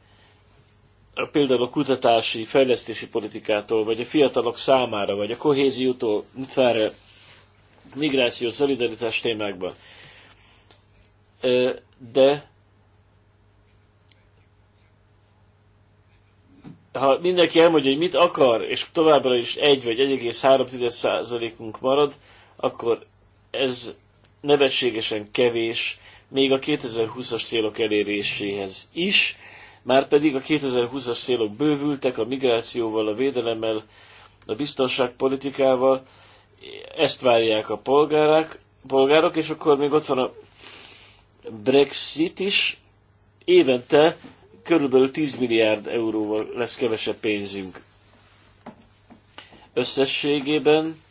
Például a kutatási, fejlesztési politikától, vagy a fiatalok számára, vagy a kohéziótól, mit vár a migráció, szolidaritás témákban. De ha mindenki elmondja, hogy mit akar, és továbbra is 1 vagy 1,3%-unk marad, akkor ez nevetségesen kevés, még a 2020-as célok eléréséhez is, már pedig a 2020-as célok bővültek a migrációval, a védelemmel, a biztonságpolitikával, ezt várják a polgárák, polgárok, és akkor még ott van a Brexit is, évente körülbelül 10 milliárd euróval lesz kevesebb pénzünk. Összességében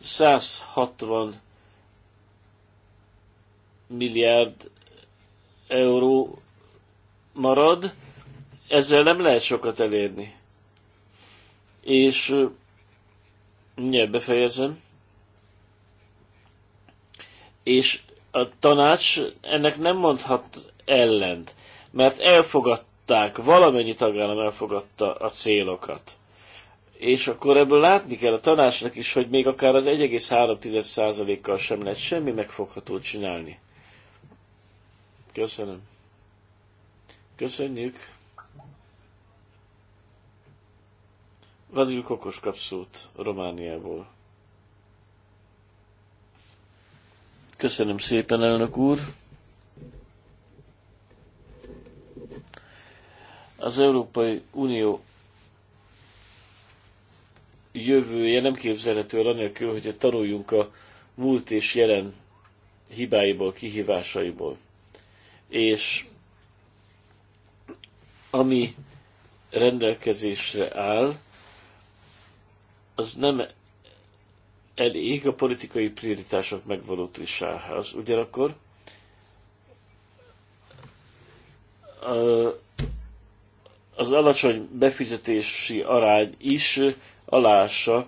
160 milliárd euró marad, ezzel nem lehet sokat elérni. És mindjárt befejezem. És a tanács ennek nem mondhat ellent mert elfogadták, valamennyi tagállam elfogadta a célokat. És akkor ebből látni kell a tanácsnak is, hogy még akár az 1,3%-kal sem lehet semmi megfogható csinálni. Köszönöm. Köszönjük. Vazil Kokos kapszót Romániából. Köszönöm szépen, elnök úr. Az Európai Unió jövője nem képzelhető el anélkül, hogy tanuljunk a múlt és jelen hibáiból, kihívásaiból. És ami rendelkezésre áll, az nem elég a politikai prioritások megvalósításához. Ugyanakkor az alacsony befizetési arány is alássa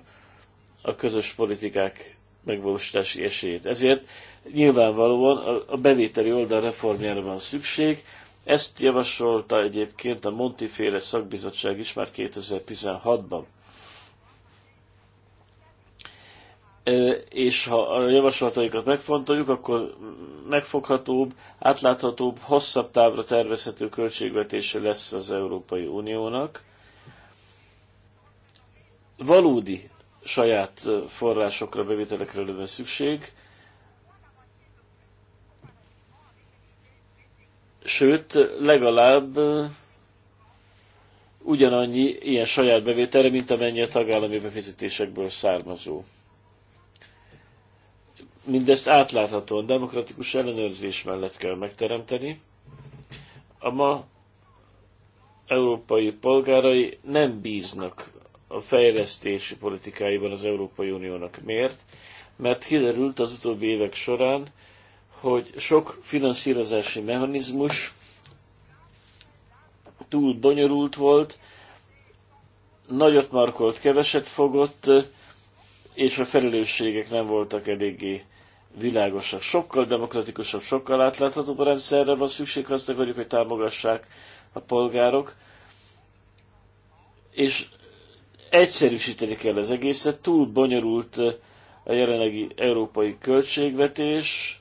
a közös politikák megvalósítási esélyét. Ezért nyilvánvalóan a bevételi oldal reformjára van szükség. Ezt javasolta egyébként a Montiféle szakbizottság is már 2016-ban. és ha a javaslataikat megfontoljuk, akkor megfoghatóbb, átláthatóbb, hosszabb távra tervezhető költségvetése lesz az Európai Uniónak. Valódi saját forrásokra, bevételekre lenne szükség, sőt, legalább ugyanannyi ilyen saját bevételre, mint amennyi a tagállami befizetésekből származó mindezt átláthatóan demokratikus ellenőrzés mellett kell megteremteni. A ma európai polgárai nem bíznak a fejlesztési politikáiban az Európai Uniónak. Miért? Mert kiderült az utóbbi évek során, hogy sok finanszírozási mechanizmus túl bonyolult volt, nagyot markolt, keveset fogott, és a felelősségek nem voltak eléggé világosak. Sokkal demokratikusabb, sokkal átláthatóbb a rendszerre van szükség, azt akarjuk, hogy támogassák a polgárok, és egyszerűsíteni kell az egészet, túl bonyolult eh, a jelenlegi európai költségvetés,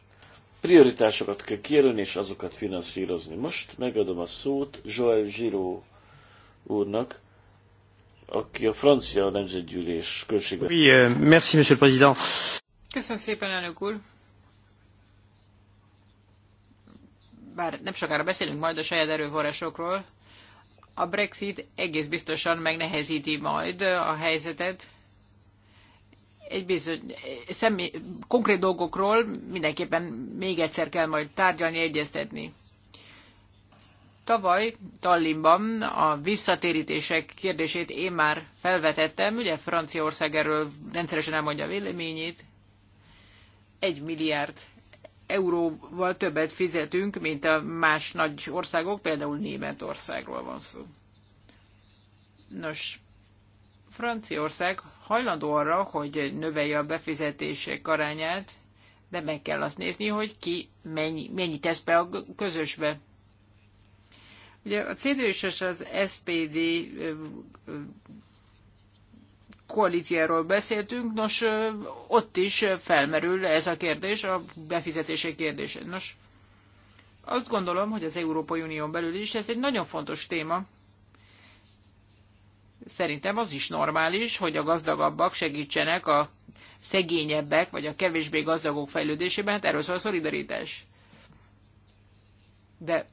prioritásokat kell kijelölni, és azokat finanszírozni. Most megadom a szót Joël Giro úrnak, aki a francia nemzetgyűlés költségvetés. Oui, euh, merci, monsieur le président. Köszönöm szépen, elnök úr. Bár nem sokára beszélünk majd a saját erőforrásokról, a Brexit egész biztosan megnehezíti majd a helyzetet. Egy bizony, személy, konkrét dolgokról mindenképpen még egyszer kell majd tárgyalni, egyeztetni. Tavaly Tallinnban a visszatérítések kérdését én már felvetettem, ugye Franciaország erről rendszeresen elmondja a véleményét, 1 milliárd euróval többet fizetünk, mint a más nagy országok, például Németországról van szó. Nos, Franciaország hajlandó arra, hogy növelje a befizetések arányát, de meg kell azt nézni, hogy ki mennyi, mennyi tesz be a közösbe. Ugye a CDU és az SPD koalíciáról beszéltünk, nos, ott is felmerül ez a kérdés, a befizetések kérdése. Nos, azt gondolom, hogy az Európai Unión belül is ez egy nagyon fontos téma. Szerintem az is normális, hogy a gazdagabbak segítsenek a szegényebbek, vagy a kevésbé gazdagok fejlődésében, hát erről szól a szolidaritás. De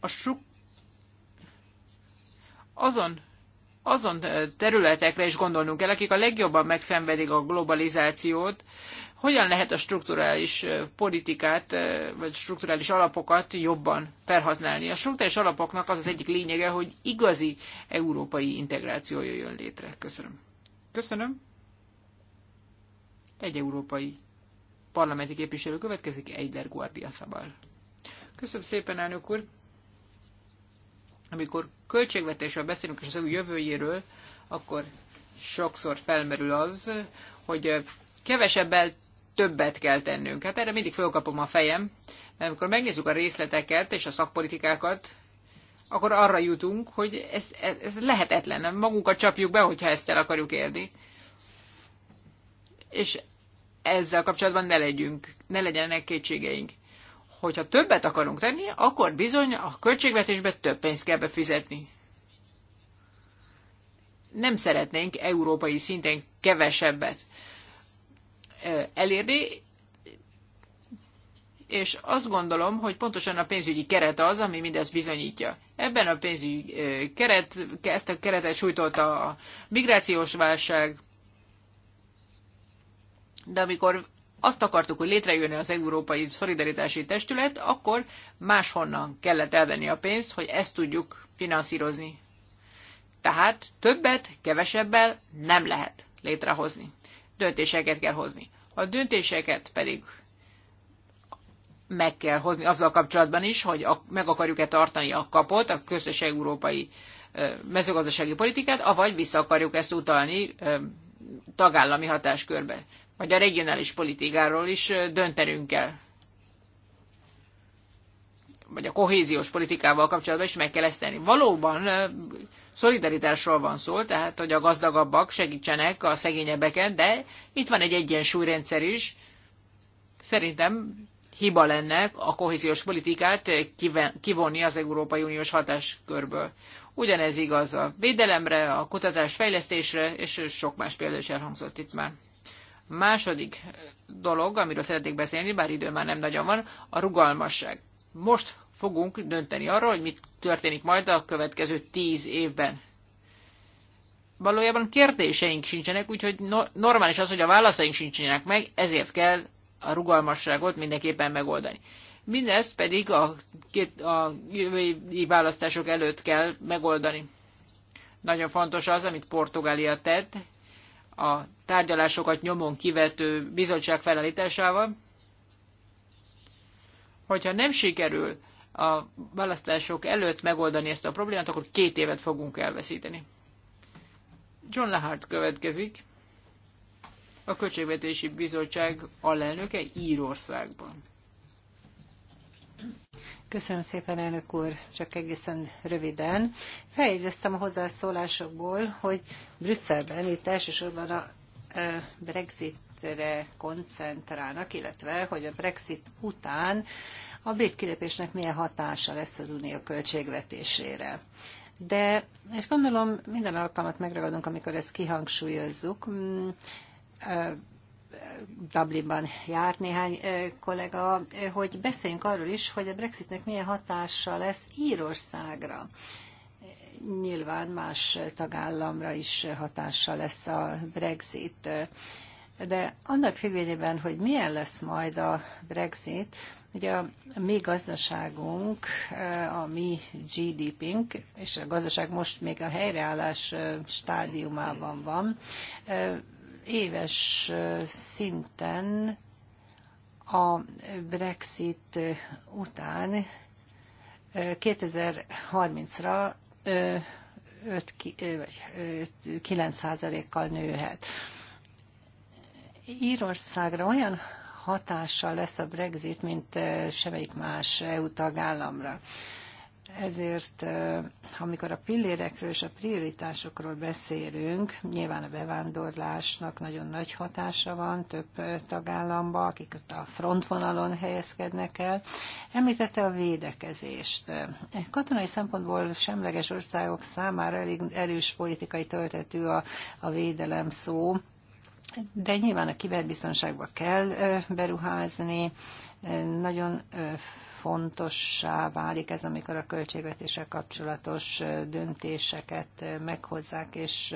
a sok azon azon területekre is gondolnunk kell, akik a legjobban megszenvedik a globalizációt, hogyan lehet a strukturális politikát, vagy strukturális alapokat jobban felhasználni. A strukturális alapoknak az az egyik lényege, hogy igazi európai integráció jöjjön létre. Köszönöm. Köszönöm. Egy európai parlamenti képviselő következik, Eider Guardia Szabal. Köszönöm szépen, elnök úr. Amikor költségvetésről beszélünk és az EU jövőjéről, akkor sokszor felmerül az, hogy kevesebbel többet kell tennünk. Hát erre mindig fölkapom a fejem, mert amikor megnézzük a részleteket és a szakpolitikákat, akkor arra jutunk, hogy ez, ez, ez lehetetlen. Magunkat csapjuk be, hogyha ezt el akarjuk érni. És ezzel kapcsolatban ne legyünk, ne legyenek kétségeink hogyha többet akarunk tenni, akkor bizony a költségvetésbe több pénzt kell befizetni. Nem szeretnénk európai szinten kevesebbet elérni, és azt gondolom, hogy pontosan a pénzügyi keret az, ami mindezt bizonyítja. Ebben a pénzügyi keret, ezt a keretet sújtotta a migrációs válság, de amikor azt akartuk, hogy létrejön az Európai Szolidaritási Testület, akkor máshonnan kellett elvenni a pénzt, hogy ezt tudjuk finanszírozni. Tehát többet, kevesebbel nem lehet létrehozni. Döntéseket kell hozni. A döntéseket pedig meg kell hozni azzal kapcsolatban is, hogy a, meg akarjuk-e tartani a kapot, a közös európai mezőgazdasági politikát, avagy vissza akarjuk ezt utalni tagállami hatáskörbe vagy a regionális politikáról is döntenünk kell. Vagy a kohéziós politikával kapcsolatban is meg kell ezt tenni. Valóban szolidaritásról van szó, tehát hogy a gazdagabbak segítsenek a szegényebbeken, de itt van egy egyensúlyrendszer is. Szerintem hiba lenne a kohéziós politikát kivonni az Európai Uniós hatáskörből. Ugyanez igaz a védelemre, a kutatás fejlesztésre, és sok más példa is elhangzott itt már. Második dolog, amiről szeretnék beszélni, bár idő már nem nagyon van, a rugalmasság. Most fogunk dönteni arról, hogy mit történik majd a következő tíz évben. Valójában kérdéseink sincsenek, úgyhogy no- normális az, hogy a válaszaink sincsenek meg, ezért kell a rugalmasságot mindenképpen megoldani. Mindezt pedig a, két, a jövői választások előtt kell megoldani. Nagyon fontos az, amit Portugália tett, a tárgyalásokat nyomon kivető bizottság felállításával. Hogyha nem sikerül a választások előtt megoldani ezt a problémát, akkor két évet fogunk elveszíteni. John Lahart következik, a Költségvetési Bizottság alelnöke Írországban. Köszönöm szépen, elnök úr, csak egészen röviden. Feljegyeztem a hozzászólásokból, hogy Brüsszelben itt elsősorban a Brexitre koncentrálnak, illetve hogy a Brexit után a brit kilépésnek milyen hatása lesz az unió költségvetésére. De, és gondolom, minden alkalmat megragadunk, amikor ezt kihangsúlyozzuk, mm, Dublinban járt néhány kollega, hogy beszéljünk arról is, hogy a Brexitnek milyen hatása lesz Írországra. Nyilván más tagállamra is hatása lesz a Brexit. De annak függvényében, hogy milyen lesz majd a Brexit, Ugye a mi gazdaságunk, a mi GDP-nk, és a gazdaság most még a helyreállás stádiumában van, éves szinten a Brexit után 2030-ra 9 kal nőhet. Írországra olyan hatással lesz a Brexit, mint semmelyik más EU tagállamra. Ezért, amikor a pillérekről és a prioritásokról beszélünk, nyilván a bevándorlásnak nagyon nagy hatása van több tagállamba, akik ott a frontvonalon helyezkednek el. Említette a védekezést. Katonai szempontból semleges országok számára elég erős politikai töltetű a, a védelem szó, de nyilván a kiberbiztonságba kell beruházni, nagyon fontossá válik ez, amikor a költségvetéssel kapcsolatos döntéseket meghozzák és,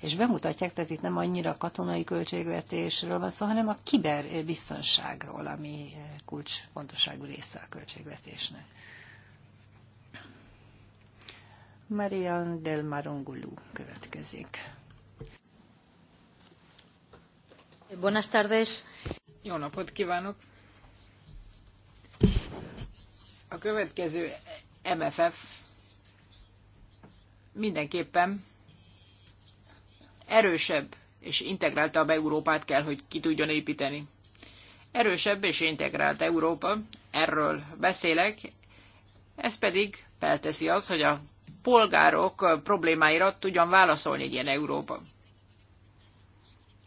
és bemutatják, tehát itt nem annyira katonai költségvetésről van szó, hanem a kiberbiztonságról, ami kulcsfontosságú része a költségvetésnek. Marian del Marongulu következik. Buenas tardes. Jó napot kívánok! a következő MFF mindenképpen erősebb és integráltabb Európát kell, hogy ki tudjon építeni. Erősebb és integrált Európa, erről beszélek, ez pedig felteszi az, hogy a polgárok problémáira tudjon válaszolni egy ilyen Európa.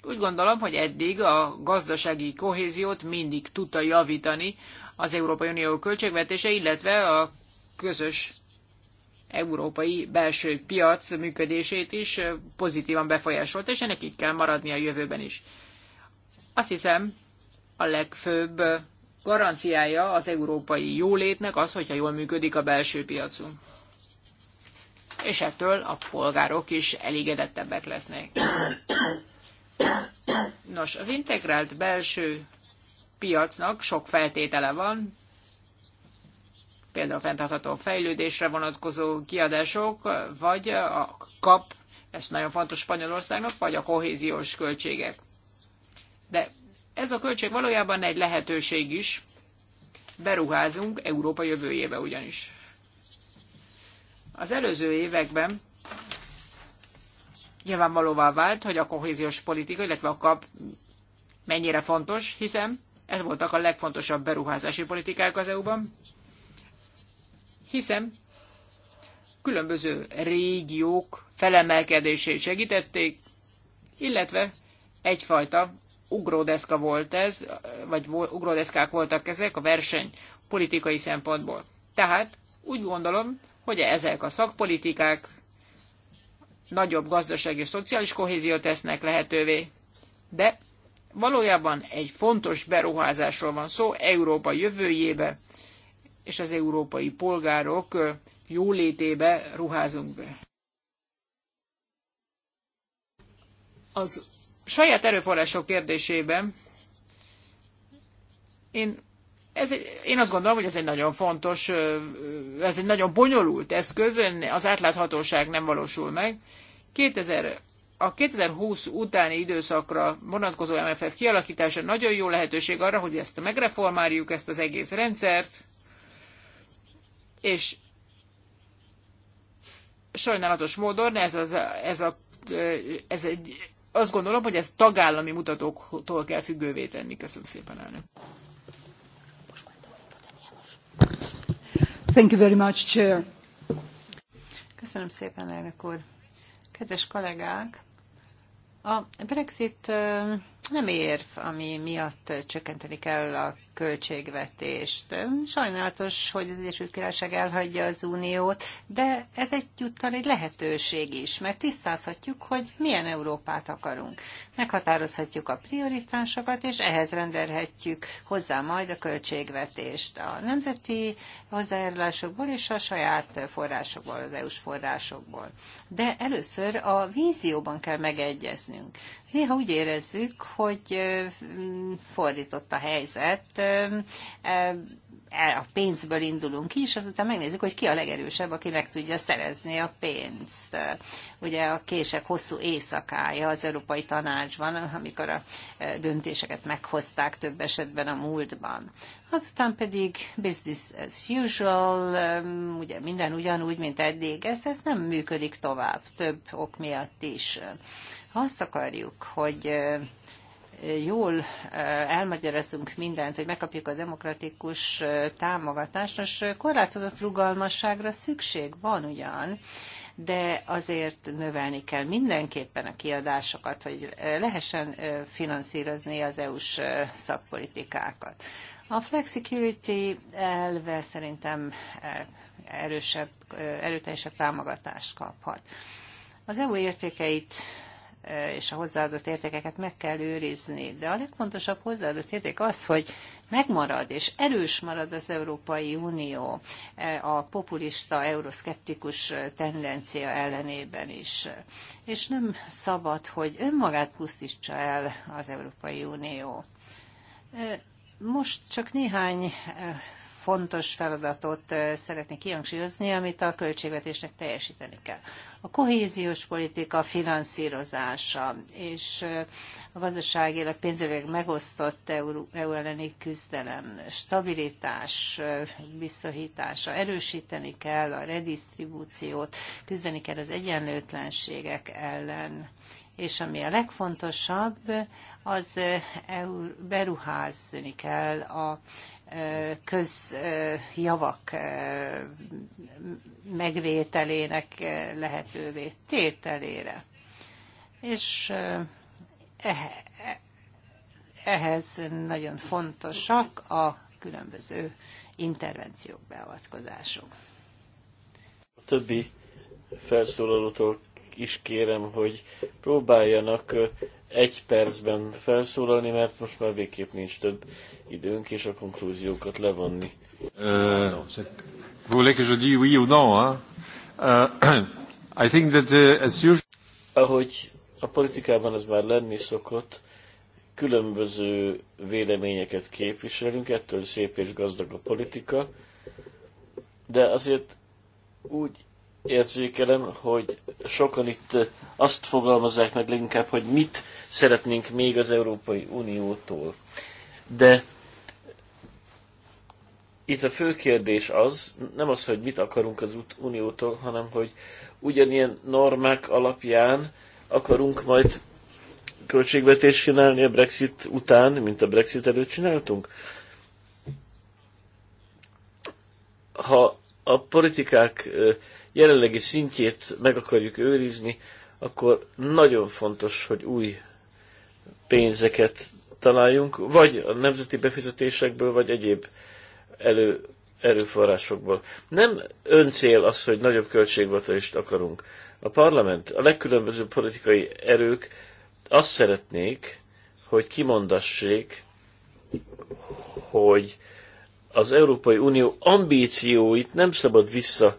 Úgy gondolom, hogy eddig a gazdasági kohéziót mindig tudta javítani az Európai Unió költségvetése, illetve a közös európai belső piac működését is pozitívan befolyásolt, és ennek így kell maradni a jövőben is. Azt hiszem, a legfőbb garanciája az európai jólétnek az, hogyha jól működik a belső piacunk. És ettől a polgárok is elégedettebbek lesznek. Nos, az integrált belső piacnak sok feltétele van, például fenntartható fejlődésre vonatkozó kiadások, vagy a kap, ez nagyon fontos Spanyolországnak, vagy a kohéziós költségek. De ez a költség valójában egy lehetőség is, beruházunk Európa jövőjébe ugyanis. Az előző években nyilvánvalóvá vált, hogy a kohéziós politika, illetve a kap mennyire fontos, hiszen ez voltak a legfontosabb beruházási politikák az EU-ban, hiszen különböző régiók felemelkedését segítették, illetve egyfajta ugródeszka volt ez, vagy ugródeszkák voltak ezek a verseny politikai szempontból. Tehát úgy gondolom, hogy ezek a szakpolitikák nagyobb gazdasági és szociális kohéziót tesznek lehetővé, de Valójában egy fontos beruházásról van szó Európa jövőjébe, és az európai polgárok jólétébe ruházunk be. Az saját erőforrások kérdésében én, ez egy, én azt gondolom, hogy ez egy nagyon fontos, ez egy nagyon bonyolult eszköz, az átláthatóság nem valósul meg. 2000 a 2020 utáni időszakra vonatkozó MFF kialakítása nagyon jó lehetőség arra, hogy ezt megreformáljuk, ezt az egész rendszert, és sajnálatos módon ez, az, ez, a, ez egy, azt gondolom, hogy ez tagállami mutatóktól kell függővé tenni. Köszönöm szépen, elnök. Thank you very much, Chair. Köszönöm szépen, elnök úr. Kedves kollégák, a Brexit nem ér, ami miatt csökkenteni kell a költségvetést. Sajnálatos, hogy az Egyesült Királyság elhagyja az Uniót, de ez egy juttan egy lehetőség is, mert tisztázhatjuk, hogy milyen Európát akarunk. Meghatározhatjuk a prioritásokat, és ehhez rendelhetjük hozzá majd a költségvetést a nemzeti hozzájárulásokból és a saját forrásokból, az EU-s forrásokból. De először a vízióban kell megegyeznünk. Néha úgy érezzük, hogy fordított a helyzet E, a pénzből indulunk ki, és azután megnézzük, hogy ki a legerősebb, aki meg tudja szerezni a pénzt. Ugye a kések hosszú éjszakája az Európai Tanácsban, amikor a e, döntéseket meghozták több esetben a múltban. Azután pedig business as usual, e, ugye minden ugyanúgy, mint eddig. Ez, ez nem működik tovább, több ok miatt is. Ha azt akarjuk, hogy jól eh, elmagyarázunk mindent, hogy megkapjuk a demokratikus eh, támogatást, és eh, korlátozott rugalmasságra szükség van ugyan, de azért növelni kell mindenképpen a kiadásokat, hogy lehessen finanszírozni az EU-s szakpolitikákat. A flexicurity elve szerintem erősebb, erőteljesebb támogatást kaphat. Az EU értékeit és a hozzáadott értékeket meg kell őrizni. De a legfontosabb hozzáadott érték az, hogy megmarad és erős marad az Európai Unió eh, a populista, euroszkeptikus eh, tendencia ellenében is. És nem szabad, hogy önmagát pusztítsa el az Európai Unió. Eh, most csak néhány fontos feladatot szeretnék kihangsúlyozni, amit a költségvetésnek teljesíteni kell. A kohéziós politika finanszírozása és a gazdaságilag pénzügyileg megosztott EU, EU elleni küzdelem, stabilitás biztosítása, erősíteni kell a redistribúciót, küzdeni kell az egyenlőtlenségek ellen, és ami a legfontosabb, az beruházni kell a közjavak megvételének lehetővé tételére. És ehhez nagyon fontosak a különböző intervenciók, beavatkozások. A többi felszólalótól is kérem, hogy próbáljanak egy percben felszólalni, mert most már végképp nincs több időnk, és a konklúziókat levonni. Euh, (clears throat) I think that uh, Ahogy a politikában ez már lenni szokott, különböző véleményeket képviselünk, ettől szép és gazdag a politika, de azért úgy érzékelem, hogy sokan itt eh, azt fogalmazzák meg leginkább, hogy mit szeretnénk még az Európai Uniótól. De itt a fő kérdés az, nem az, hogy mit akarunk az Uniótól, hanem hogy ugyanilyen normák alapján akarunk majd költségvetést csinálni a Brexit után, mint a Brexit előtt csináltunk. Ha a politikák eh, jelenlegi szintjét meg akarjuk őrizni, akkor nagyon fontos, hogy új pénzeket találjunk, vagy a nemzeti befizetésekből, vagy egyéb elő, erőforrásokból. Nem öncél az, hogy nagyobb költségvetést akarunk. A parlament, a legkülönbözőbb politikai erők azt szeretnék, hogy kimondassék, hogy az Európai Unió ambícióit nem szabad vissza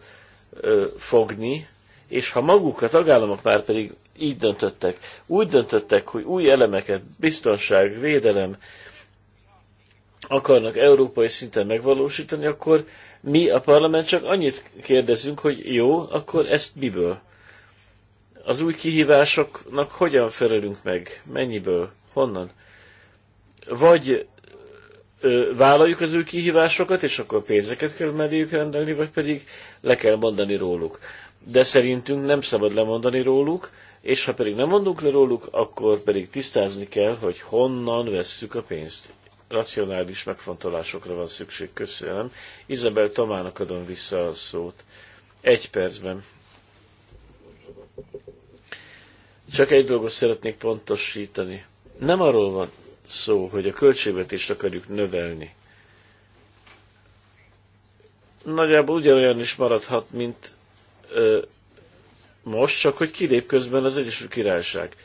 ö, fogni, és ha maguk a tagállamok már pedig így döntöttek, úgy döntöttek, hogy új elemeket, biztonság, védelem akarnak európai szinten megvalósítani, akkor mi a parlament csak annyit kérdezünk, hogy jó, akkor ezt miből? Az új kihívásoknak hogyan felelünk meg? Mennyiből? Honnan? Vagy vállaljuk az ő kihívásokat, és akkor pénzeket kell melléjük rendelni, vagy pedig le kell mondani róluk. De szerintünk nem szabad lemondani róluk, és ha pedig nem mondunk le róluk, akkor pedig tisztázni kell, hogy honnan vesszük a pénzt. Racionális megfontolásokra van szükség, köszönöm. Izabel Tamának adom vissza a szót. Egy percben. Csak egy dolgot szeretnék pontosítani. Nem arról van szó, hogy a költségvetést akarjuk növelni. Nagyjából ugyanolyan is maradhat, mint ö, most, csak hogy kilép közben az Egyesült Királyság.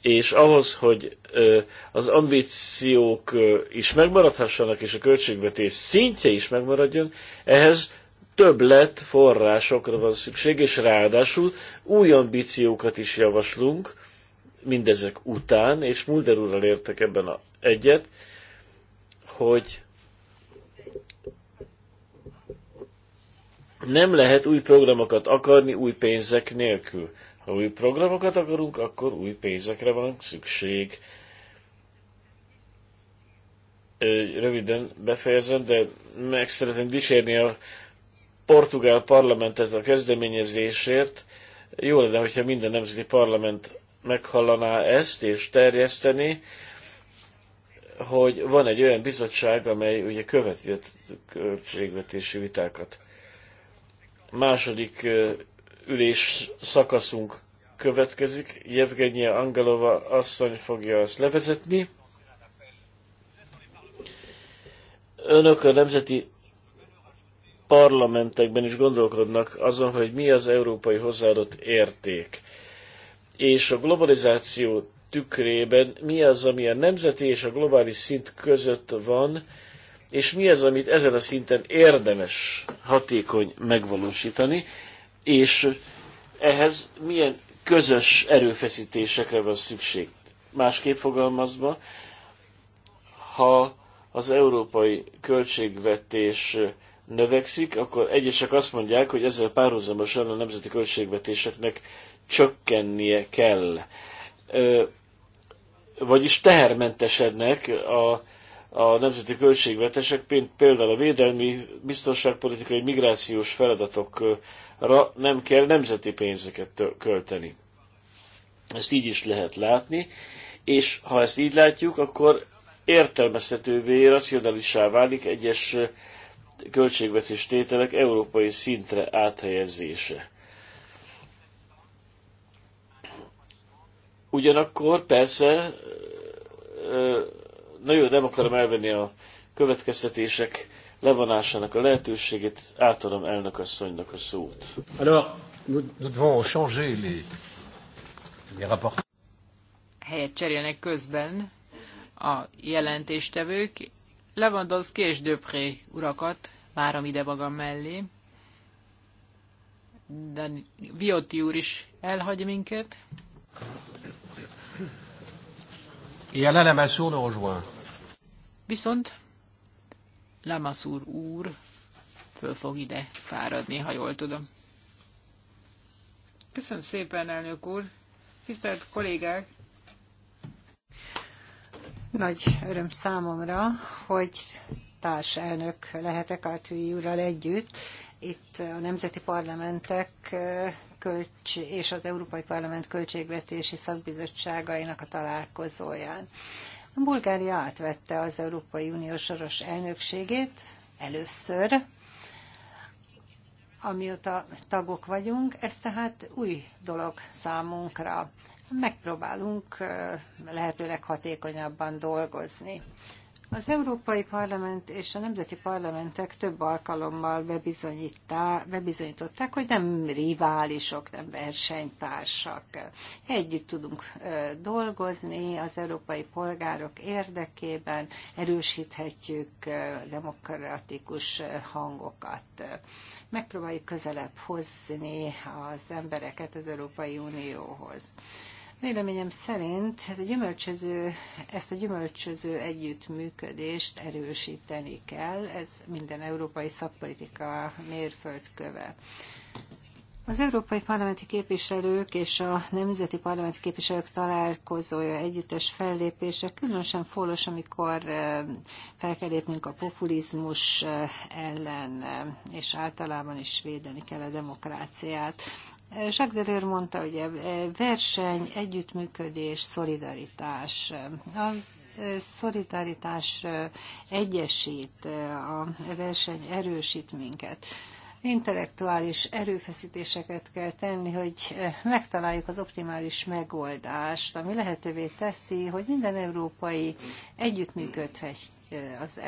És ahhoz, hogy ö, az ambíciók ö, is megmaradhassanak, és a költségvetés szintje is megmaradjon, ehhez többlet forrásokra van szükség, és ráadásul új ambíciókat is javaslunk, mindezek után, és Mulder úrral értek ebben a egyet, hogy nem lehet új programokat akarni új pénzek nélkül. Ha új programokat akarunk, akkor új pénzekre van szükség. Röviden befejezem, de meg szeretném dicsérni a portugál parlamentet a kezdeményezésért. Jó lenne, hogyha minden nemzeti parlament meghallaná ezt és terjeszteni, hogy van egy olyan bizottság, amely ugye követi a költségvetési vitákat. Második ülés szakaszunk következik. Jevgenia Angelova asszony fogja azt levezetni. Önök a nemzeti parlamentekben is gondolkodnak azon, hogy mi az európai hozzáadott érték és a globalizáció tükrében mi az, ami a nemzeti és a globális szint között van, és mi az, amit ezen a szinten érdemes hatékony megvalósítani, és ehhez milyen közös erőfeszítésekre van szükség. Másképp fogalmazva, ha az európai költségvetés növekszik, akkor egyesek azt mondják, hogy ezzel párhuzamosan a nemzeti költségvetéseknek csökkennie kell. Vagyis tehermentesednek a, a nemzeti költségvetések, például a védelmi, biztonságpolitikai, migrációs feladatokra nem kell nemzeti pénzeket költeni. Ezt így is lehet látni, és ha ezt így látjuk, akkor értelmezhetővé, racionalissá válik egyes költségvetés tételek európai szintre áthelyezése. Ugyanakkor persze, na jó, nem akarom elvenni a következtetések levonásának a lehetőségét, átadom elnök asszonynak a szót. Alors, nous, nous devons changer les, les rapports. Helyet cserélnek közben a jelentéstevők. Lewandowski és Döpré urakat várom ide magam mellé. De Viotti úr is elhagy minket. Et Alain Lamassoure nous rejoint. Viszont Lamassoure úr föl fog ide fáradni, ha jól tudom. Köszönöm szépen, elnök úr! Tisztelt kollégák! Nagy öröm számomra, hogy társelnök lehetek Artúi úrral együtt, itt a nemzeti parlamentek kölcs és az Európai Parlament költségvetési szakbizottságainak a találkozóján. A Bulgária átvette az Európai Unió soros elnökségét először, amióta tagok vagyunk, ez tehát új dolog számunkra. Megpróbálunk lehetőleg hatékonyabban dolgozni. Az Európai Parlament és a nemzeti parlamentek több alkalommal bebizonyították, hogy nem riválisok, nem versenytársak. Együtt tudunk dolgozni az európai polgárok érdekében, erősíthetjük demokratikus hangokat. Megpróbáljuk közelebb hozni az embereket az Európai Unióhoz. Véleményem szerint ez a gyümölcsöző, ezt a gyümölcsöző együttműködést erősíteni kell, ez minden európai szakpolitika mérföldköve. Az európai parlamenti képviselők és a nemzeti parlamenti képviselők találkozója együttes fellépése különösen fontos, amikor fel kell lépnünk a populizmus ellen, és általában is védeni kell a demokráciát. Jacques Delors mondta, hogy e, verseny, együttműködés, szolidaritás. A e, szolidaritás e, egyesít, a verseny erősít minket intellektuális erőfeszítéseket kell tenni, hogy megtaláljuk az optimális megoldást, ami lehetővé teszi, hogy minden európai együttműködhet az,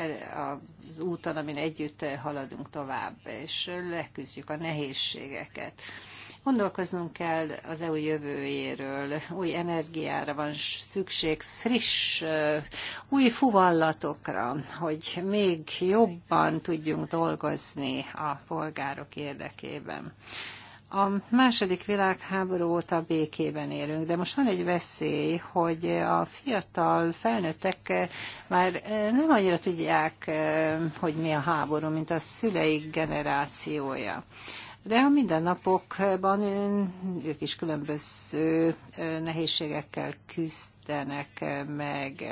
az úton, amin együtt haladunk tovább, és leküzdjük a nehézségeket. Gondolkoznunk kell az EU jövőjéről, új energiára van szükség, friss, új fuvallatokra, hogy még jobban tudjunk dolgozni a polgárok érdekében. A második világháború óta békében élünk, de most van egy veszély, hogy a fiatal felnőttek már nem annyira tudják, hogy mi a háború, mint a szüleik generációja. De a mindennapokban ők is különböző nehézségekkel küzdenek meg.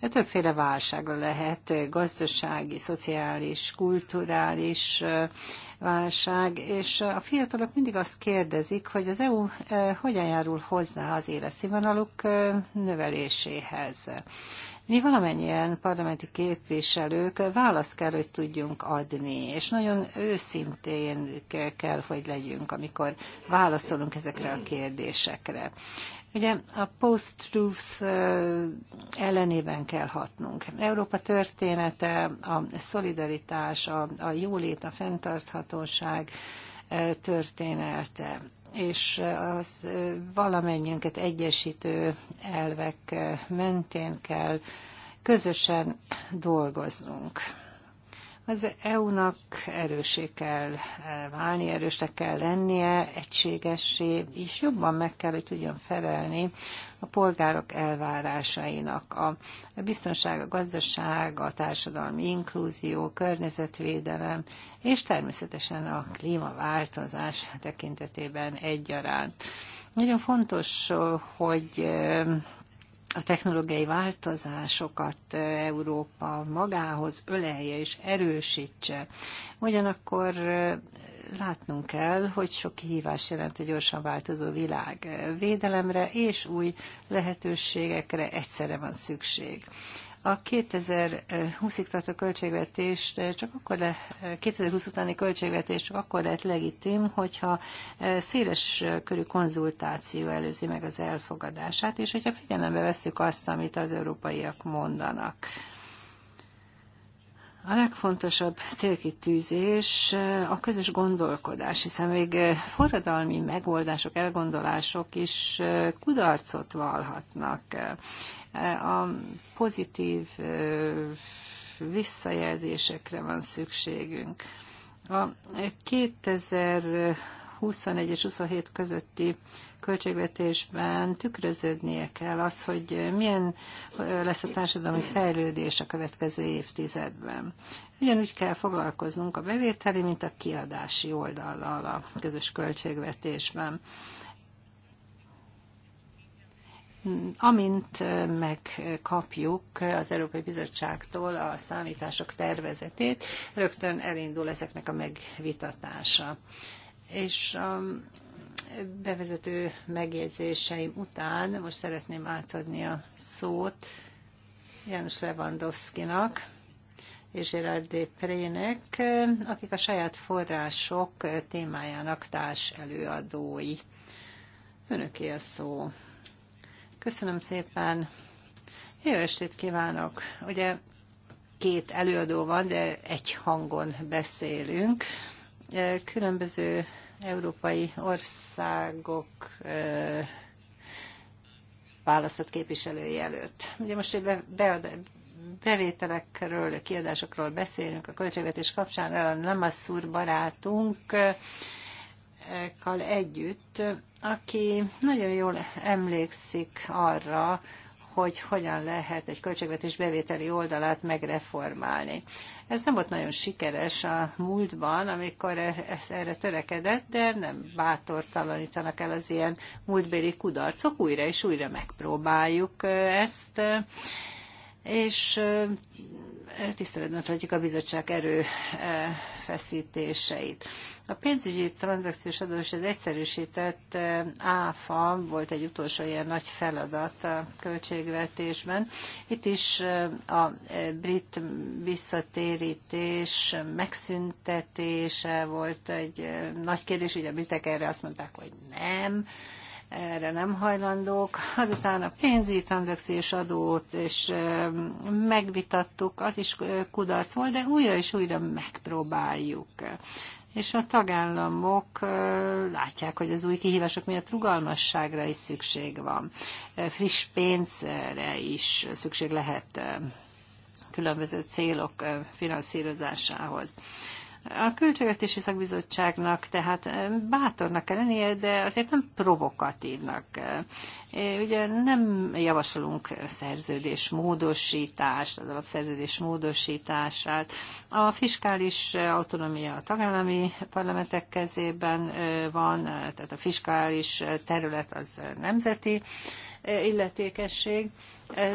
Többféle válsága lehet, gazdasági, szociális, kulturális válság, és a fiatalok mindig azt kérdezik, hogy az EU hogyan járul hozzá az életszínvonaluk növeléséhez. Mi valamennyien parlamenti képviselők választ kell, hogy tudjunk adni, és nagyon őszintén kell, hogy legyünk, amikor válaszolunk ezekre a kérdésekre. Ugye a post-truths eh, ellenében kell hatnunk. Európa története, a szolidaritás, a, a jólét, a fenntarthatóság eh, története és az valamennyiünket egyesítő elvek mentén kell közösen dolgoznunk. Az EU-nak erősé kell válni, erősnek kell lennie, egységessé, és jobban meg kell, hogy tudjon felelni a polgárok elvárásainak. A biztonság, a gazdaság, a társadalmi inklúzió, környezetvédelem, és természetesen a klímaváltozás tekintetében egyaránt. Nagyon fontos, hogy eh, a technológiai változásokat eh, Európa magához ölelje és erősítse. Ugyanakkor eh, látnunk kell, hogy sok kihívás jelent a gyorsan változó világ. Védelemre és új lehetőségekre egyszerre van szükség. A 2020-ig tartó költségvetést csak akkor le, 2020 utáni költségvetést, csak akkor lehet legitim, hogyha e, széles körű konzultáció előzi meg az elfogadását, és hogyha figyelembe veszük azt, amit az európaiak mondanak. A legfontosabb célkitűzés eh, a közös gondolkodás, hiszen még eh, forradalmi megoldások, elgondolások is eh, kudarcot valhatnak. A pozitív visszajelzésekre van szükségünk. A 2021 és 27 közötti költségvetésben tükröződnie kell az, hogy milyen lesz a társadalmi fejlődés a következő évtizedben. Ugyanúgy kell foglalkoznunk a bevételi, mint a kiadási oldallal a közös költségvetésben amint megkapjuk az Európai Bizottságtól a számítások tervezetét, rögtön elindul ezeknek a megvitatása. És bevezető megjegyzéseim után most szeretném átadni a szót János Lewandowski-nak és Gerard Prének, akik a saját források témájának társ előadói. Önöké a szó. Köszönöm szépen. Jó estét kívánok. Ugye két előadó van, de egy hangon beszélünk. Különböző európai országok választott képviselői előtt. Ugye most hogy bevételekről, kiadásokról beszélünk a költségvetés kapcsán, Lamassur barátunk kal együtt, aki nagyon jól emlékszik arra, hogy hogyan lehet egy költségvetés bevételi oldalát megreformálni. Ez nem volt nagyon sikeres a múltban, amikor e- ez erre törekedett, de nem bátortalanítanak el az ilyen múltbéli kudarcok. Újra és újra megpróbáljuk ezt, és tiszteletben tartjuk a bizottság erőfeszítéseit. E, a pénzügyi tranzakciós adó és az egyszerűsített e, áfa volt egy utolsó ilyen nagy feladat a költségvetésben. Itt is e, a brit visszatérítés megszüntetése volt egy nagy kérdés, ugye a britek erre azt mondták, hogy nem, erre nem hajlandók. Azután a pénzügyi tranzakciós adót, és megvitattuk, az is kudarc volt, de újra és újra megpróbáljuk. És a tagállamok látják, hogy az új kihívások miatt rugalmasságra is szükség van. Friss pénzre is szükség lehet különböző célok finanszírozásához. A Költségvetési Szakbizottságnak tehát eh, bátornak kell lennie, de azért nem provokatívnak. Eh, eh, ugye nem javasolunk szerződés módosítást, az alapszerződés módosítását. A fiskális autonómia a tagállami parlamentek kezében van, tehát a fiskális terület az nemzeti illetékesség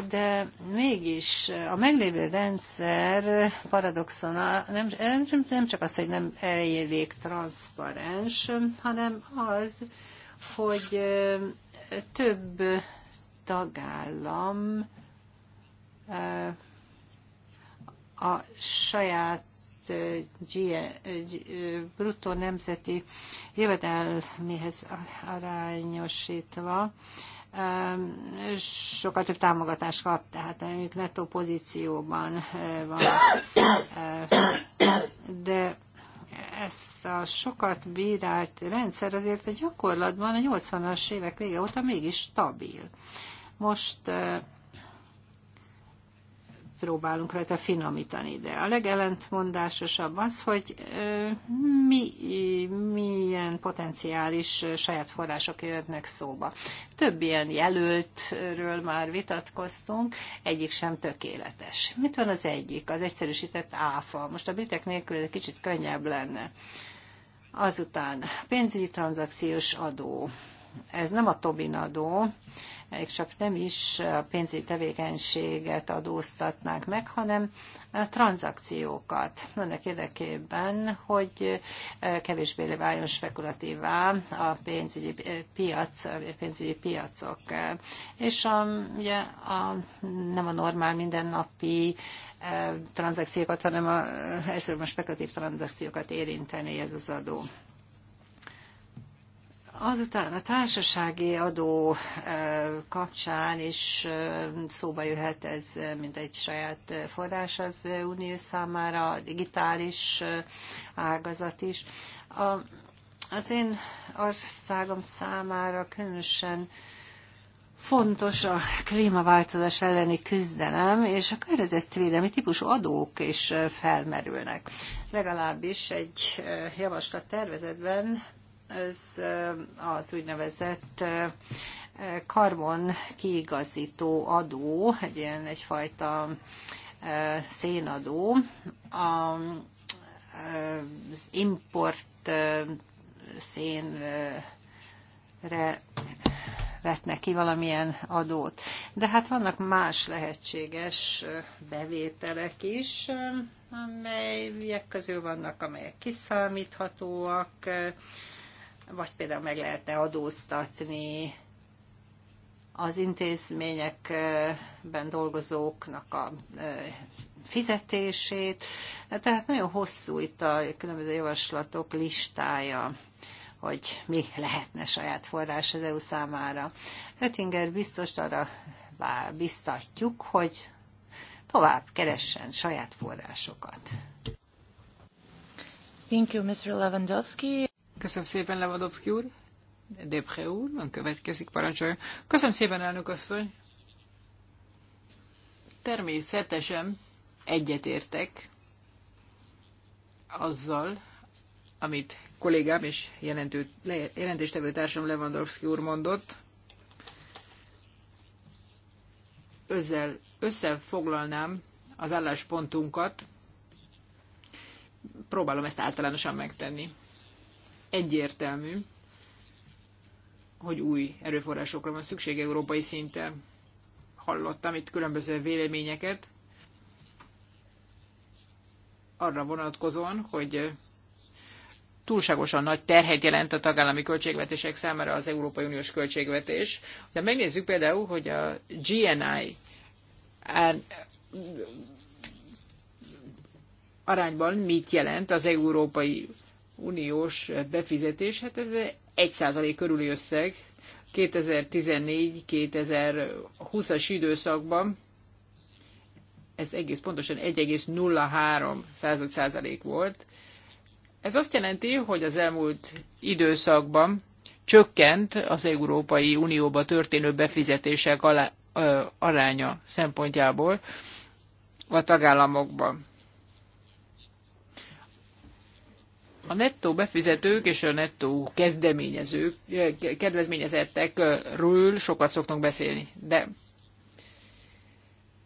de mégis a meglévő rendszer paradoxon nem, nem csak az, hogy nem elég transzparens, hanem az, hogy több tagállam a saját e, bruttó nemzeti jövedelméhez arányosítva sokkal több támogatást kap, tehát ők nettó pozícióban eh, van. Eh, de ezt a sokat bírált rendszer azért a gyakorlatban a 80-as évek vége óta mégis stabil. Most eh, próbálunk rajta finomítani. De a legellentmondásosabb az, hogy mi, milyen potenciális saját források jöhetnek szóba. Több ilyen jelöltről már vitatkoztunk, egyik sem tökéletes. Mit van az egyik? Az egyszerűsített áfa. Most a britek nélkül egy kicsit könnyebb lenne. Azután pénzügyi tranzakciós adó. Ez nem a Tobin adó, csak nem is a pénzügyi tevékenységet adóztatnák meg, hanem a tranzakciókat. Annak érdekében, hogy eh, kevésbé váljon spekulatívá a pénzügyi eh, piac, a pénzügyi piacok. Eh, és a, ugye a, nem a normál mindennapi tranzakciókat, hanem a, elsősorban spekulatív tranzakciókat érinteni ez az adó. Azután a társasági adó eh, kapcsán is eh, szóba jöhet ez, eh, mint egy saját forrás az unió számára, a digitális ágazat is. A, az én országom számára különösen fontos a klímaváltozás elleni küzdelem, és a környezetvédelmi típusú adók is felmerülnek. Legalábbis egy javaslat tervezetben ez eh, az úgynevezett eh, karbon kiigazító adó, egy ilyen egyfajta eh, szénadó, az import szénre vetnek ki valamilyen adót. De hát vannak más lehetséges bevételek is, amelyek közül vannak, amelyek kiszámíthatóak, vagy például meg lehetne adóztatni az intézményekben dolgozóknak a fizetését. Tehát nagyon hosszú itt a különböző javaslatok listája hogy mi lehetne saját forrás az EU számára. Ötinger biztos arra biztatjuk, hogy tovább keressen saját forrásokat. Thank you, Mr. Lewandowski. Köszönöm szépen, Levadovszki úr. Debré úr, ön következik, parancsolja. Köszönöm szépen, elnök asszony. Természetesen egyetértek azzal, amit kollégám és jelentő, jelentéstevő társam Lewandowski úr mondott. Özzel, összefoglalnám az álláspontunkat, próbálom ezt általánosan megtenni egyértelmű, hogy új erőforrásokra van szükség európai szinten. Hallottam itt különböző véleményeket arra vonatkozóan, hogy túlságosan nagy terhet jelent a tagállami költségvetések számára az Európai Uniós költségvetés. De megnézzük például, hogy a GNI arányban mit jelent az Európai uniós befizetés, hát ez százalék körüli összeg 2014-2020-as időszakban, ez egész pontosan 1,03 százalék volt. Ez azt jelenti, hogy az elmúlt időszakban csökkent az Európai Unióba történő befizetések alá, ö, aránya szempontjából a tagállamokban. a nettó befizetők és a nettó kezdeményezők, eh, kedvezményezettekről sokat szoktunk beszélni, de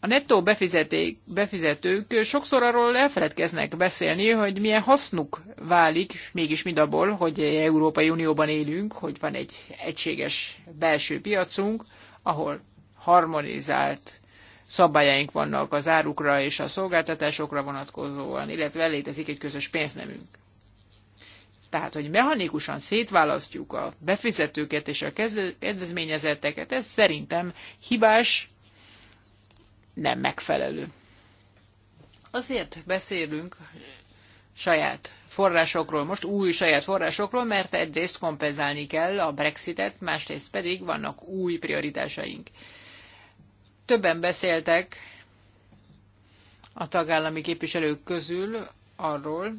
a nettó befizetők sokszor arról elfeledkeznek beszélni, hogy milyen hasznuk válik mégis abból, hogy Európai Unióban élünk, hogy van egy egységes belső piacunk, ahol harmonizált szabályaink vannak az árukra és a szolgáltatásokra vonatkozóan, illetve létezik egy közös pénznemünk. Tehát, hogy mechanikusan szétválasztjuk a befizetőket és a kedvezményezetteket, ez szerintem hibás, nem megfelelő. Azért beszélünk saját forrásokról, most új saját forrásokról, mert egyrészt kompenzálni kell a Brexitet, másrészt pedig vannak új prioritásaink. Többen beszéltek a tagállami képviselők közül arról,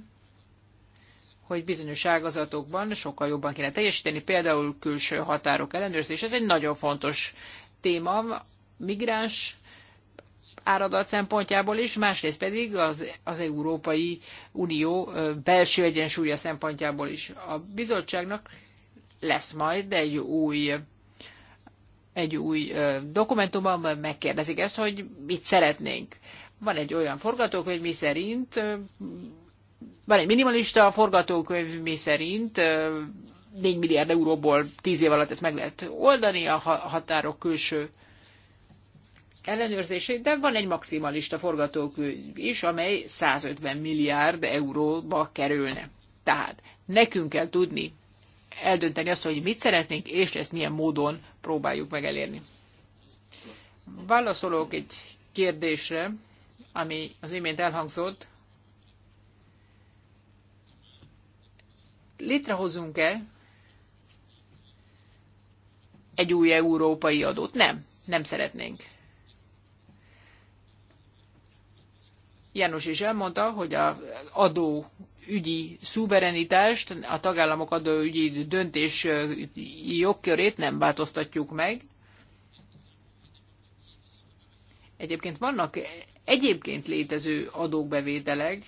hogy bizonyos ágazatokban sokkal jobban kéne teljesíteni, például külső határok ellenőrzés. Ez egy nagyon fontos téma, migráns áradat szempontjából is, másrészt pedig az, az Európai Unió belső egyensúlya szempontjából is. A bizottságnak lesz majd egy új egy új dokumentumban megkérdezik ezt, hogy mit szeretnénk. Van egy olyan forgatókönyv, mi szerint van egy minimalista forgatókönyv, mi szerint 4 milliárd euróból 10 év alatt ezt meg lehet oldani, a határok külső ellenőrzését, de van egy maximalista forgatókönyv is, amely 150 milliárd euróba kerülne. Tehát nekünk kell tudni eldönteni azt, hogy mit szeretnénk, és ezt milyen módon próbáljuk meg elérni. Válaszolok egy kérdésre, ami az imént elhangzott, létrehozunk-e egy új európai adót? Nem, nem szeretnénk. János is elmondta, hogy a adó ügyi szuverenitást, a tagállamok adóügyi döntés jogkörét nem változtatjuk meg. Egyébként vannak egyébként létező adóbevételek,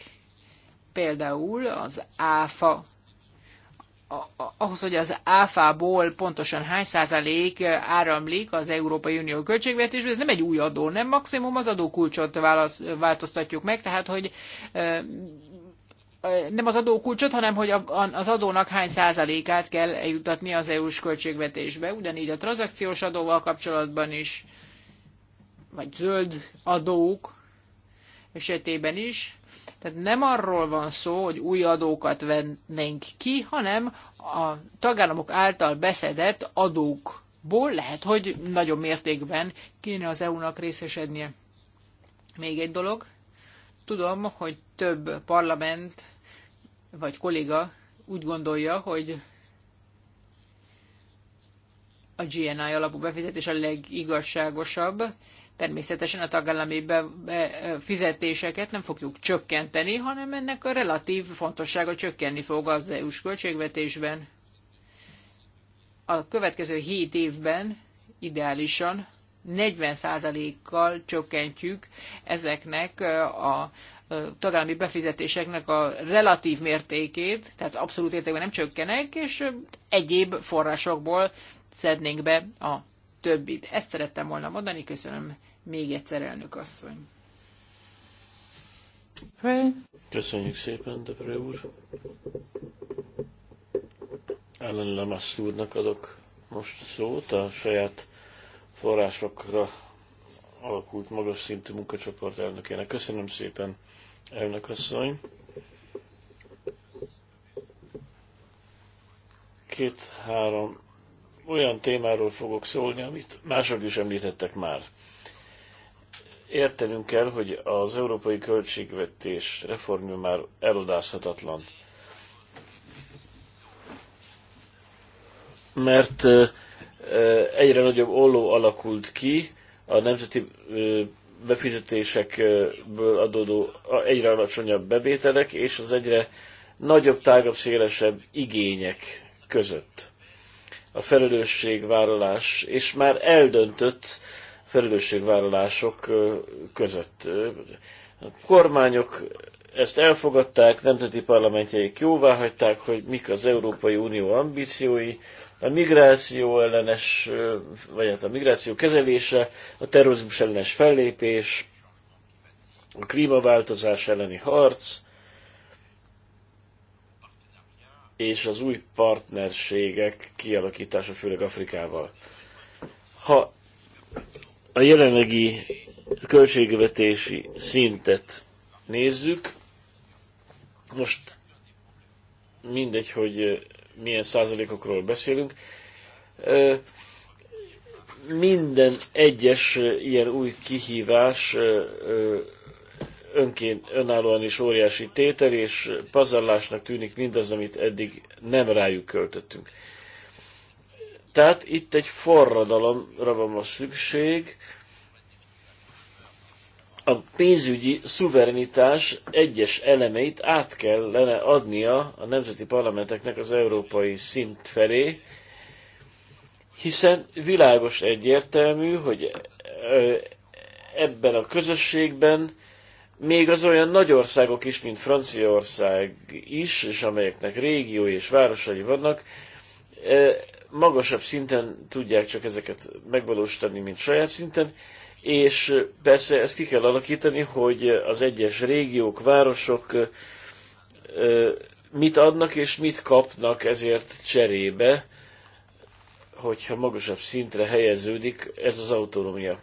például az áfa ahhoz, hogy az áfából pontosan hány százalék áramlik az Európai Unió költségvetésbe, ez nem egy új adó, nem maximum az adókulcsot válasz, változtatjuk meg, tehát hogy nem az adókulcsot, hanem hogy az adónak hány százalékát kell eljutatni az EU-s költségvetésbe. Ugyanígy a tranzakciós adóval kapcsolatban is, vagy zöld adók esetében is. Tehát nem arról van szó, hogy új adókat vennénk ki, hanem a tagállamok által beszedett adókból lehet, hogy nagyobb mértékben kéne az EU-nak részesednie. Még egy dolog. Tudom, hogy több parlament vagy kolléga úgy gondolja, hogy a GNI alapú befizetés a legigazságosabb, Természetesen a tagállami fizetéseket nem fogjuk csökkenteni, hanem ennek a relatív fontossága csökkenni fog az EU-s költségvetésben. A következő 7 évben ideálisan 40%-kal csökkentjük ezeknek a tagállami befizetéseknek a relatív mértékét, tehát abszolút értékben nem csökkenek, és egyéb forrásokból szednénk be a többit. Ezt szerettem volna mondani, köszönöm még egyszer, elnök asszony. Köszönjük szépen, Debre úr. Ellen Lamassz úrnak adok most szót a saját forrásokra alakult magas szintű munkacsoport elnökének. Köszönöm szépen, elnök asszony. Két-három olyan témáról fogok szólni, amit mások is említettek már. Értenünk kell, hogy az európai költségvetés reformja már elodázhatatlan. Mert egyre nagyobb olló alakult ki a nemzeti befizetésekből adódó egyre alacsonyabb bevételek és az egyre nagyobb, tágabb, szélesebb igények között a felelősségvállalás és már eldöntött felelősségvállalások között. A kormányok ezt elfogadták, nemzeti parlamentjeik jóvá hagyták, hogy mik az Európai Unió ambíciói, a migráció ellenes, vagy hát a migráció kezelése, a terrorizmus ellenes fellépés, a klímaváltozás elleni harc, és az új partnerségek kialakítása, főleg Afrikával. Ha a jelenlegi költségvetési szintet nézzük, most mindegy, hogy milyen százalékokról beszélünk, minden egyes ilyen új kihívás önként, önállóan is óriási tétel, és pazarlásnak tűnik mindaz, amit eddig nem rájuk költöttünk. Tehát itt egy forradalomra van a szükség. A pénzügyi szuverenitás egyes elemeit át kellene adnia a nemzeti parlamenteknek az európai szint felé, hiszen világos egyértelmű, hogy ebben a közösségben még az olyan nagy országok is, mint Franciaország is, és amelyeknek régió és városai vannak, magasabb szinten tudják csak ezeket megvalósítani, mint saját szinten, és persze ezt ki kell alakítani, hogy az egyes régiók, városok mit adnak és mit kapnak ezért cserébe, hogyha magasabb szintre helyeződik ez az autonómia,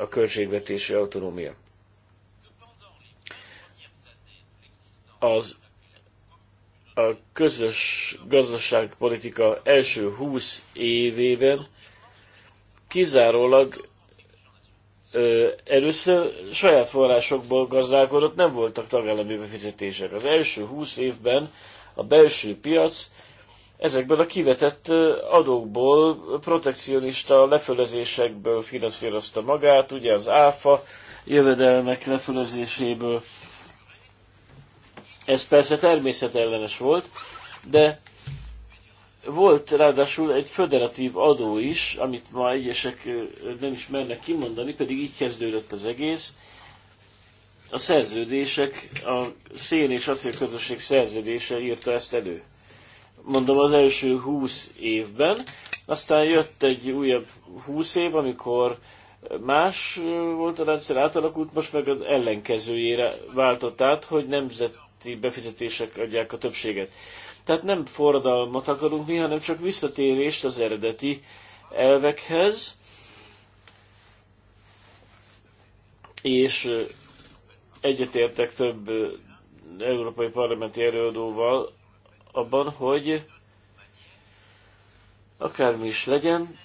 a költségvetési autonómia. az a közös gazdaságpolitika első 20 évében kizárólag ö, először saját forrásokból gazdálkodott, nem voltak tagállami befizetések. Az első 20 évben a belső piac ezekből a kivetett adókból, protekcionista lefölezésekből finanszírozta magát, ugye az áfa jövedelmek lefölezéséből, ez persze természetellenes volt, de volt ráadásul egy föderatív adó is, amit ma egyesek nem is mernek kimondani, pedig így kezdődött az egész. A szerződések, a szén és acélközösség szerződése írta ezt elő. Mondom, az első 20 évben, aztán jött egy újabb 20 év, amikor más volt a rendszer, átalakult, most meg az ellenkezőjére váltott át, hogy nemzet közötti befizetések adják a többséget. Tehát nem forradalmat akarunk mi, hanem csak visszatérést az eredeti elvekhez, és egyetértek több európai parlamenti előadóval abban, hogy akármi is legyen,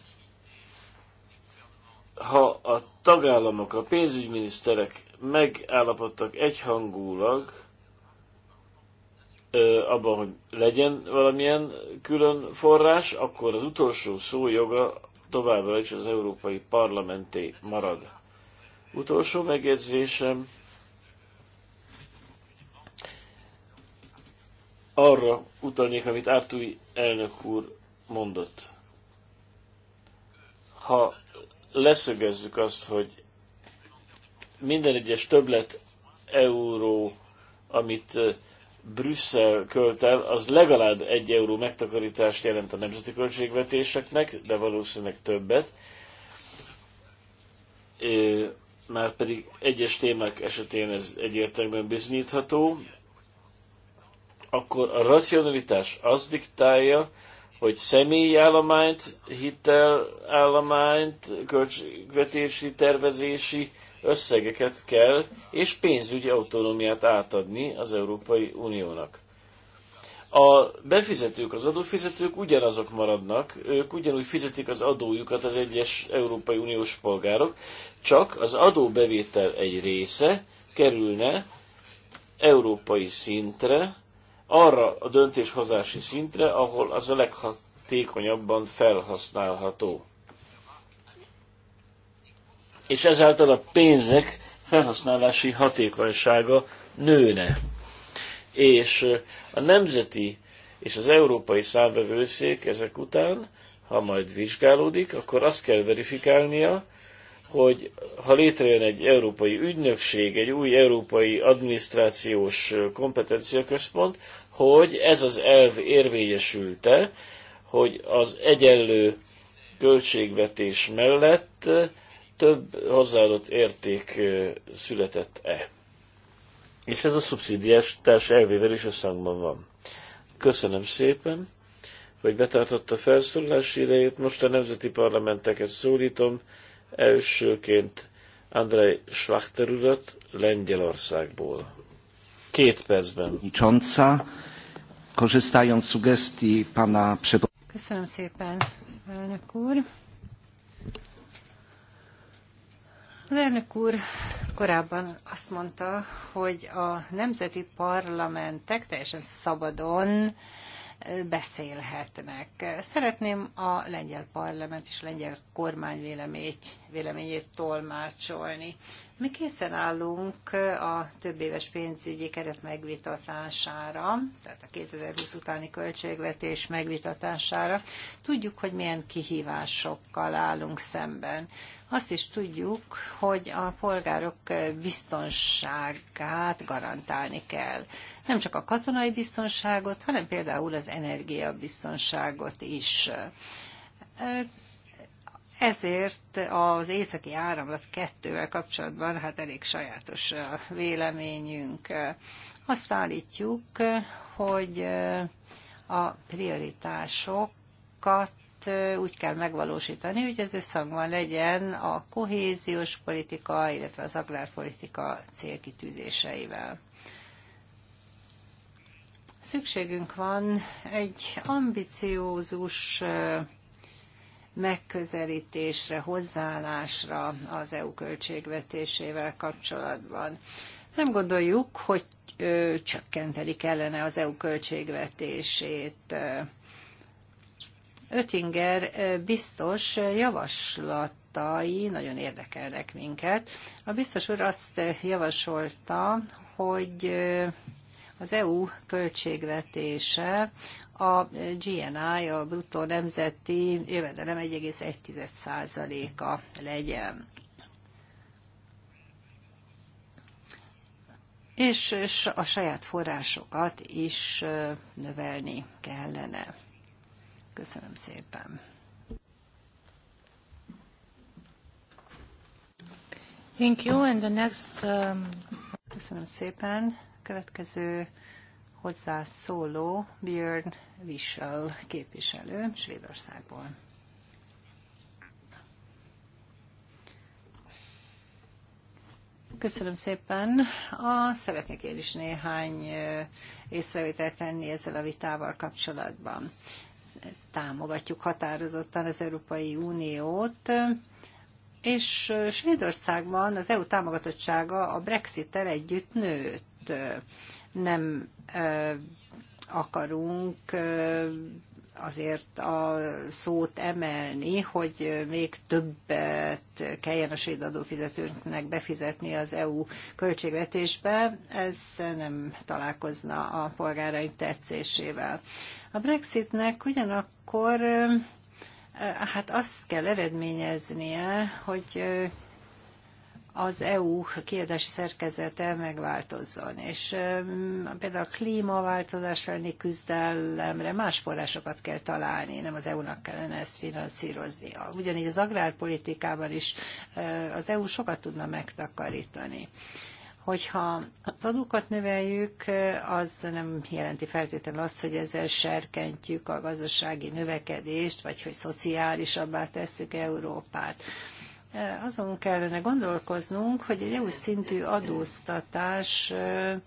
ha a tagállamok, a pénzügyminiszterek megállapodtak egyhangulag abban, hogy legyen valamilyen külön forrás, akkor az utolsó szó joga továbbra is az Európai Parlamenté marad. Utolsó megjegyzésem arra utalnék, amit Ártúi elnök úr mondott. Ha leszögezzük azt, hogy minden egyes többlet euró, amit Brüsszel költ el, az legalább egy euró megtakarítást jelent a nemzeti költségvetéseknek, de valószínűleg többet. Már pedig egyes témák esetén ez egyértelműen bizonyítható. Akkor a racionalitás az diktálja, hogy személyállományt, hitelállományt, költségvetési, tervezési összegeket kell, és pénzügyi autonómiát átadni az Európai Uniónak. A befizetők, az adófizetők ugyanazok maradnak, ők ugyanúgy fizetik az adójukat az egyes Európai Uniós polgárok, csak az adóbevétel egy része kerülne európai szintre, arra a döntéshozási szintre, ahol az a leghatékonyabban felhasználható. És ezáltal a pénzek felhasználási hatékonysága nőne. És a nemzeti és az európai számvevőszék ezek után, ha majd vizsgálódik, akkor azt kell verifikálnia, hogy ha létrejön egy európai ügynökség, egy új európai adminisztrációs kompetenciaközpont, hogy ez az elv érvényesülte, hogy az egyenlő költségvetés mellett több hozzáadott érték született-e. És ez a szubszidiás társ elvével is összhangban van. Köszönöm szépen, hogy betartotta felszólalási idejét. Most a nemzeti parlamenteket szólítom, Elsőként Andrei Schwachter urat Lengyelországból. Két percben. Korzystając Köszönöm szépen, elnök úr. Az elnök úr korábban azt mondta, hogy a nemzeti parlamentek teljesen szabadon beszélhetnek. Szeretném a lengyel parlament és a lengyel kormány véleményét, véleményét tolmácsolni. Mi készen állunk a több éves pénzügyi keret megvitatására, tehát a 2020 utáni költségvetés megvitatására. Tudjuk, hogy milyen kihívásokkal állunk szemben. Azt is tudjuk, hogy a polgárok biztonságát garantálni kell nem csak a katonai biztonságot, hanem például az energiabiztonságot is. Ezért az északi áramlat kettővel kapcsolatban hát elég sajátos véleményünk. Azt állítjuk, hogy a prioritásokat úgy kell megvalósítani, hogy ez összhangban legyen a kohéziós politika, illetve az agrárpolitika célkitűzéseivel. Szükségünk van egy ambiciózus megközelítésre, hozzáállásra az EU költségvetésével kapcsolatban. Nem gondoljuk, hogy ö, csökkenteni kellene az EU költségvetését. Ötinger biztos javaslatai nagyon érdekelnek minket. A biztos úr azt javasolta, hogy az EU költségvetése a GNI, a bruttó nemzeti jövedelem 1,1%-a legyen. És, és a saját forrásokat is növelni kellene. Köszönöm szépen. Thank you. And the next, um... Köszönöm szépen. Következő hozzászóló Björn Wiesel képviselő Svédországból. Köszönöm szépen. A, szeretnék én is néhány észrevételt tenni ezzel a vitával kapcsolatban. Támogatjuk határozottan az Európai Uniót, és Svédországban az EU támogatottsága a Brexit-tel együtt nőtt nem akarunk azért a szót emelni, hogy még többet kelljen a svéd adófizetőknek befizetni az EU költségvetésbe, ez nem találkozna a polgáraink tetszésével. A Brexitnek ugyanakkor hát azt kell eredményeznie, hogy az EU kiadási szerkezete megváltozzon, és um, például a klímaváltozás elleni küzdelemre más forrásokat kell találni, nem az EU-nak kellene ezt finanszíroznia. Ugyanígy az agrárpolitikában is uh, az EU sokat tudna megtakarítani hogyha az adókat növeljük, uh, az nem jelenti feltétlenül azt, hogy ezzel serkentjük a gazdasági növekedést, vagy hogy szociálisabbá tesszük Európát. E, azon kellene gondolkoznunk, hogy egy EU szintű adóztatás e,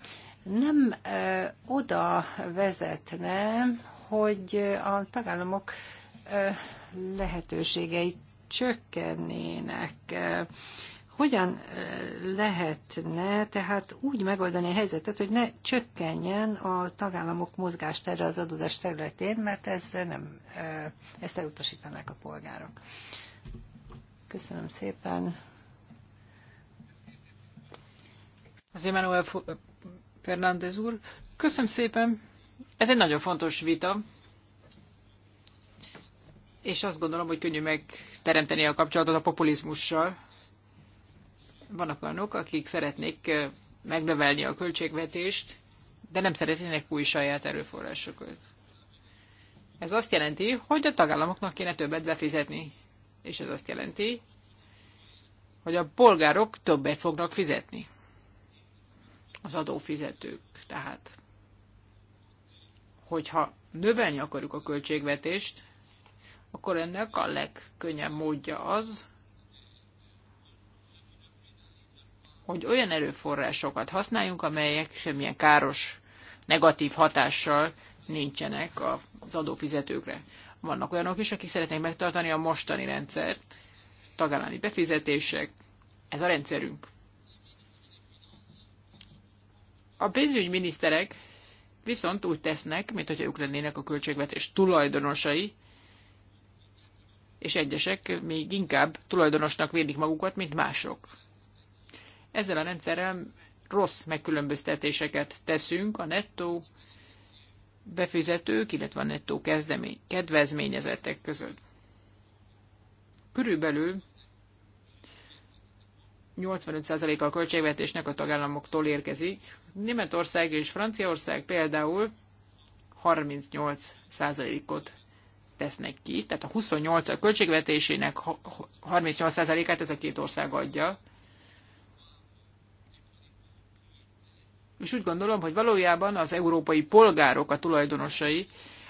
nem e, oda vezetne, hogy a tagállamok lehetőségei csökkennének. Hogyan lehetne tehát úgy megoldani a helyzetet, hogy ne csökkenjen a tagállamok erre az adózás területén, mert ez nem, ezt elutasítanák a polgárok. Köszönöm szépen. Az Emmanuel Fernández úr. Köszönöm szépen. Ez egy nagyon fontos vita, és azt gondolom, hogy könnyű megteremteni a kapcsolatot a populizmussal. Vannak olyanok, akik szeretnék megnövelni a költségvetést, de nem szeretnének új saját erőforrásokat. Ez azt jelenti, hogy a tagállamoknak kéne többet befizetni és ez azt jelenti, hogy a polgárok többet fognak fizetni. Az adófizetők tehát. Hogyha növelni akarjuk a költségvetést, akkor ennek a legkönnyebb módja az, hogy olyan erőforrásokat használjunk, amelyek semmilyen káros, negatív hatással nincsenek az adófizetőkre. Vannak olyanok is, akik szeretnék megtartani a mostani rendszert. Tagállami befizetések, ez a rendszerünk. A pénzügyminiszterek viszont úgy tesznek, mint hogy ők lennének a költségvetés tulajdonosai, és egyesek még inkább tulajdonosnak védik magukat, mint mások. Ezzel a rendszerrel rossz megkülönböztetéseket teszünk a nettó befizetők, illetve a nettó kezdemény, kedvezményezettek között. Körülbelül 85% a költségvetésnek a tagállamoktól érkezik. Németország és Franciaország például 38%-ot tesznek ki, tehát a 28 a költségvetésének 38%-át ez a két ország adja. és úgy gondolom, hogy valójában az európai polgárok a tulajdonosai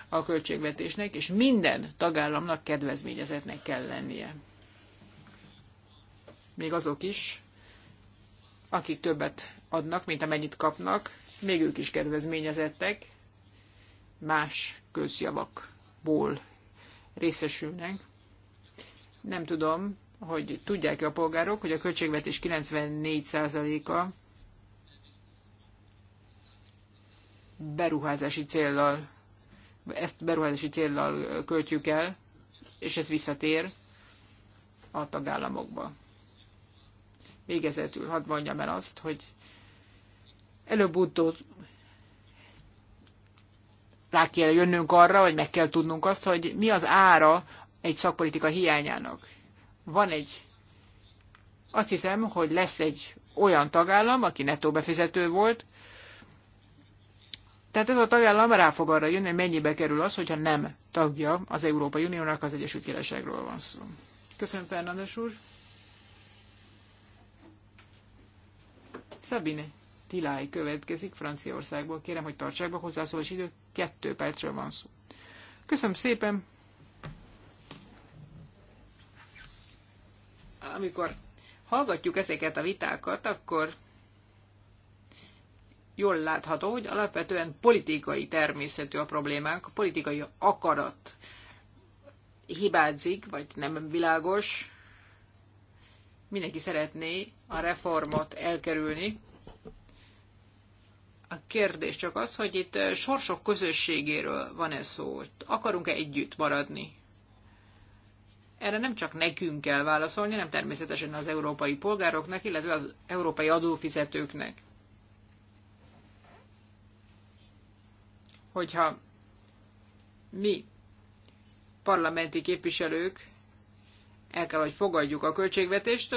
a költségvetésnek, és minden tagállamnak kedvezményezetnek kell lennie. Még azok is, akik többet adnak, mint amennyit kapnak, még ők is kedvezményezettek más közjavakból részesülnek. Nem tudom, hogy tudják-e a polgárok, hogy a költségvetés 94%-a beruházási céllal, ezt beruházási céllal költjük el, és ez visszatér a tagállamokba. Végezetül hadd mondjam el azt, hogy előbb-utóbb rá kell jönnünk arra, vagy meg kell tudnunk azt, hogy mi az ára egy szakpolitika hiányának. Van egy, azt hiszem, hogy lesz egy olyan tagállam, aki nettó befizető volt, tehát ez a tagállam rá fog arra jönni, hogy mennyibe kerül az, hogyha nem tagja az Európai Uniónak, az Egyesült Királyságról van szó. Köszönöm, Fernandes úr. Szabine Tilái következik Franciaországból. Kérem, hogy tartsák be hozzászólás idő. Kettő percről van szó. Köszönöm szépen. Amikor hallgatjuk ezeket a vitákat, akkor jól látható, hogy alapvetően politikai természetű a problémánk, a politikai akarat hibázik, vagy nem világos. Mindenki szeretné a reformot elkerülni. A kérdés csak az, hogy itt sorsok közösségéről van-e szó, akarunk-e együtt maradni. Erre nem csak nekünk kell válaszolni, hanem természetesen az európai polgároknak, illetve az európai adófizetőknek hogyha mi parlamenti képviselők el kell, hogy fogadjuk a költségvetést,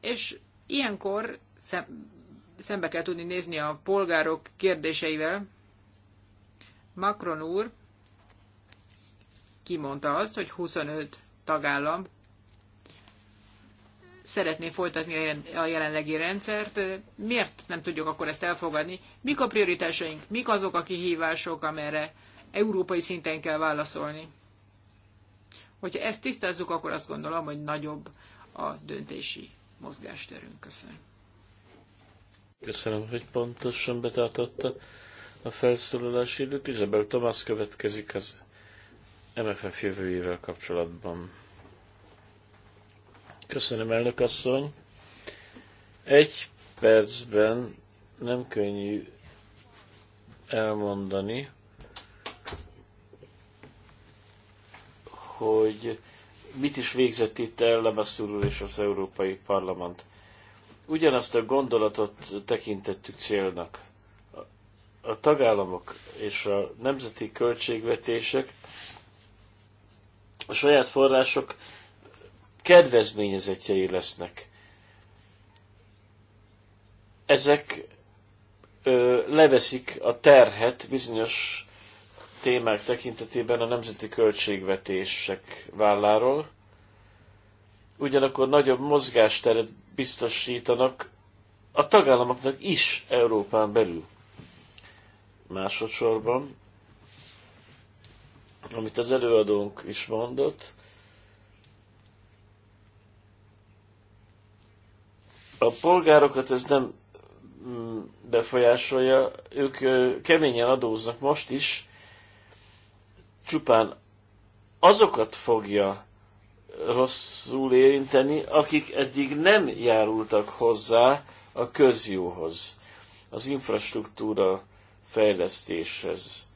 és ilyenkor szembe kell tudni nézni a polgárok kérdéseivel. Macron úr kimondta azt, hogy 25 tagállam szeretné folytatni a jelenlegi rendszert. Miért nem tudjuk akkor ezt elfogadni? Mik a prioritásaink? Mik azok a kihívások, amelyre európai szinten kell válaszolni? Hogyha ezt tisztázzuk, akkor azt gondolom, hogy nagyobb a döntési mozgásterünk. Köszönöm. Köszönöm, hogy pontosan betartotta a felszólalási időt. Izabel Tomás következik az MFF jövőjével kapcsolatban. Köszönöm, elnök asszony. Egy percben nem könnyű elmondani, hogy mit is végzett itt el Lemaszúr és az Európai Parlament. Ugyanazt a gondolatot tekintettük célnak. A tagállamok és a nemzeti költségvetések a saját források kedvezményezetjei lesznek. Ezek ö, leveszik a terhet bizonyos témák tekintetében a nemzeti költségvetések válláról, ugyanakkor nagyobb mozgásteret biztosítanak a tagállamoknak is Európán belül. Másodszorban, amit az előadónk is mondott, A polgárokat ez nem mm, befolyásolja, ők keményen adóznak most is, csupán azokat fogja rosszul érinteni, akik eddig nem járultak hozzá a közjóhoz, az infrastruktúra fejlesztéshez.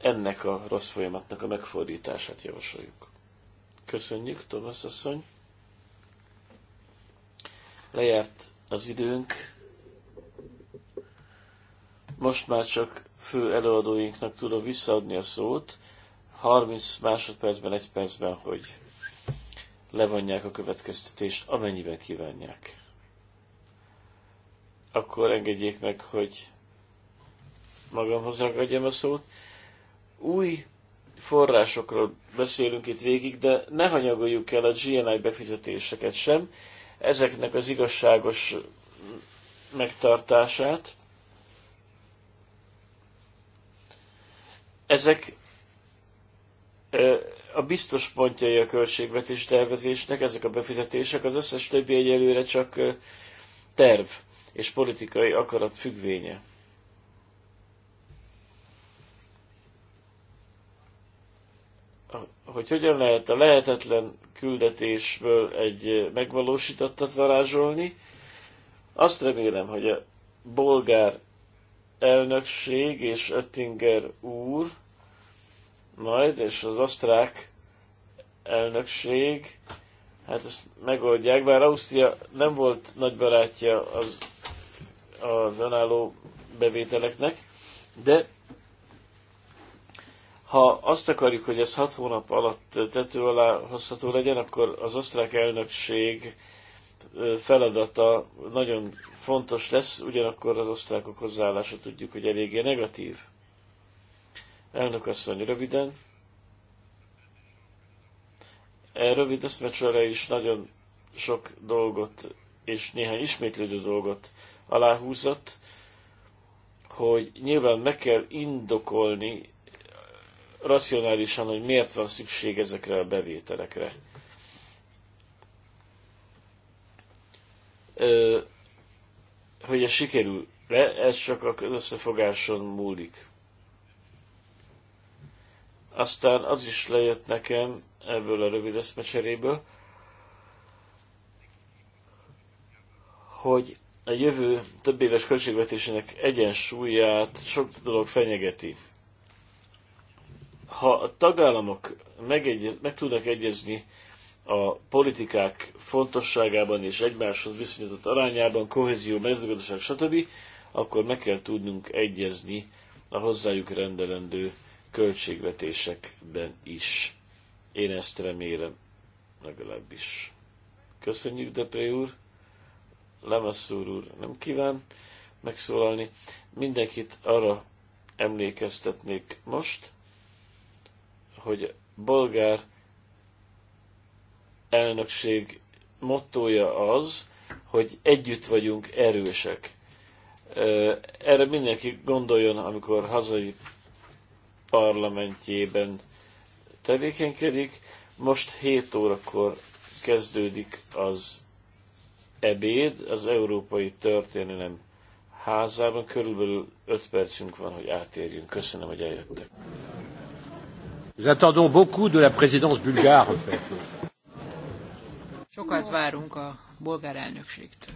Ennek a rossz folyamatnak a megfordítását javasoljuk. Köszönjük, Tomasz asszony! lejárt az időnk. Most már csak fő előadóinknak tudom visszaadni a szót, 30 másodpercben, egy percben, hogy levonják a következtetést, amennyiben kívánják. Akkor engedjék meg, hogy magamhoz ragadjam a szót. Új forrásokról beszélünk itt végig, de ne hanyagoljuk el a GNI befizetéseket sem ezeknek az igazságos megtartását. Ezek a biztos pontjai a költségvetés tervezésnek, ezek a befizetések, az összes többi egyelőre csak terv és politikai akarat függvénye. hogy hogyan lehet a lehetetlen küldetésből egy megvalósítottat varázsolni. Azt remélem, hogy a bolgár elnökség és Öttinger úr majd, és az osztrák elnökség, hát ezt megoldják, bár Ausztria nem volt nagy barátja az, az önálló bevételeknek, de ha azt akarjuk, hogy ez hat hónap alatt tető alá hozható legyen, akkor az osztrák elnökség feladata nagyon fontos lesz, ugyanakkor az osztrákok hozzáállása tudjuk, hogy eléggé negatív. Elnök asszony, röviden. E rövid eszmecsőre is nagyon sok dolgot és néhány ismétlődő dolgot aláhúzott, hogy nyilván meg kell indokolni racionálisan, hogy miért van szükség ezekre a bevételekre. Ö, hogy ez sikerül le, ez csak a összefogáson múlik. Aztán az is lejött nekem ebből a rövid eszmecseréből, hogy a jövő több éves költségvetésének egyensúlyát sok dolog fenyegeti. Ha a tagállamok megegyez, meg tudnak egyezni a politikák fontosságában és egymáshoz viszonyított arányában, kohézió, mezőgazdaság, stb., akkor meg kell tudnunk egyezni a hozzájuk rendelendő költségvetésekben is. Én ezt remélem, legalábbis. Köszönjük, Depré úr! Lemasszúr úr nem kíván megszólalni. Mindenkit arra emlékeztetnék most, hogy bolgár elnökség mottója az, hogy együtt vagyunk erősek. Erre mindenki gondoljon, amikor hazai parlamentjében tevékenykedik. Most 7 órakor kezdődik az ebéd az Európai Történelem házában. Körülbelül 5 percünk van, hogy átérjünk. Köszönöm, hogy eljöttek. Nous attendons beaucoup de la présidence bulgare, en fait. Sokat várunk a elnökségtől.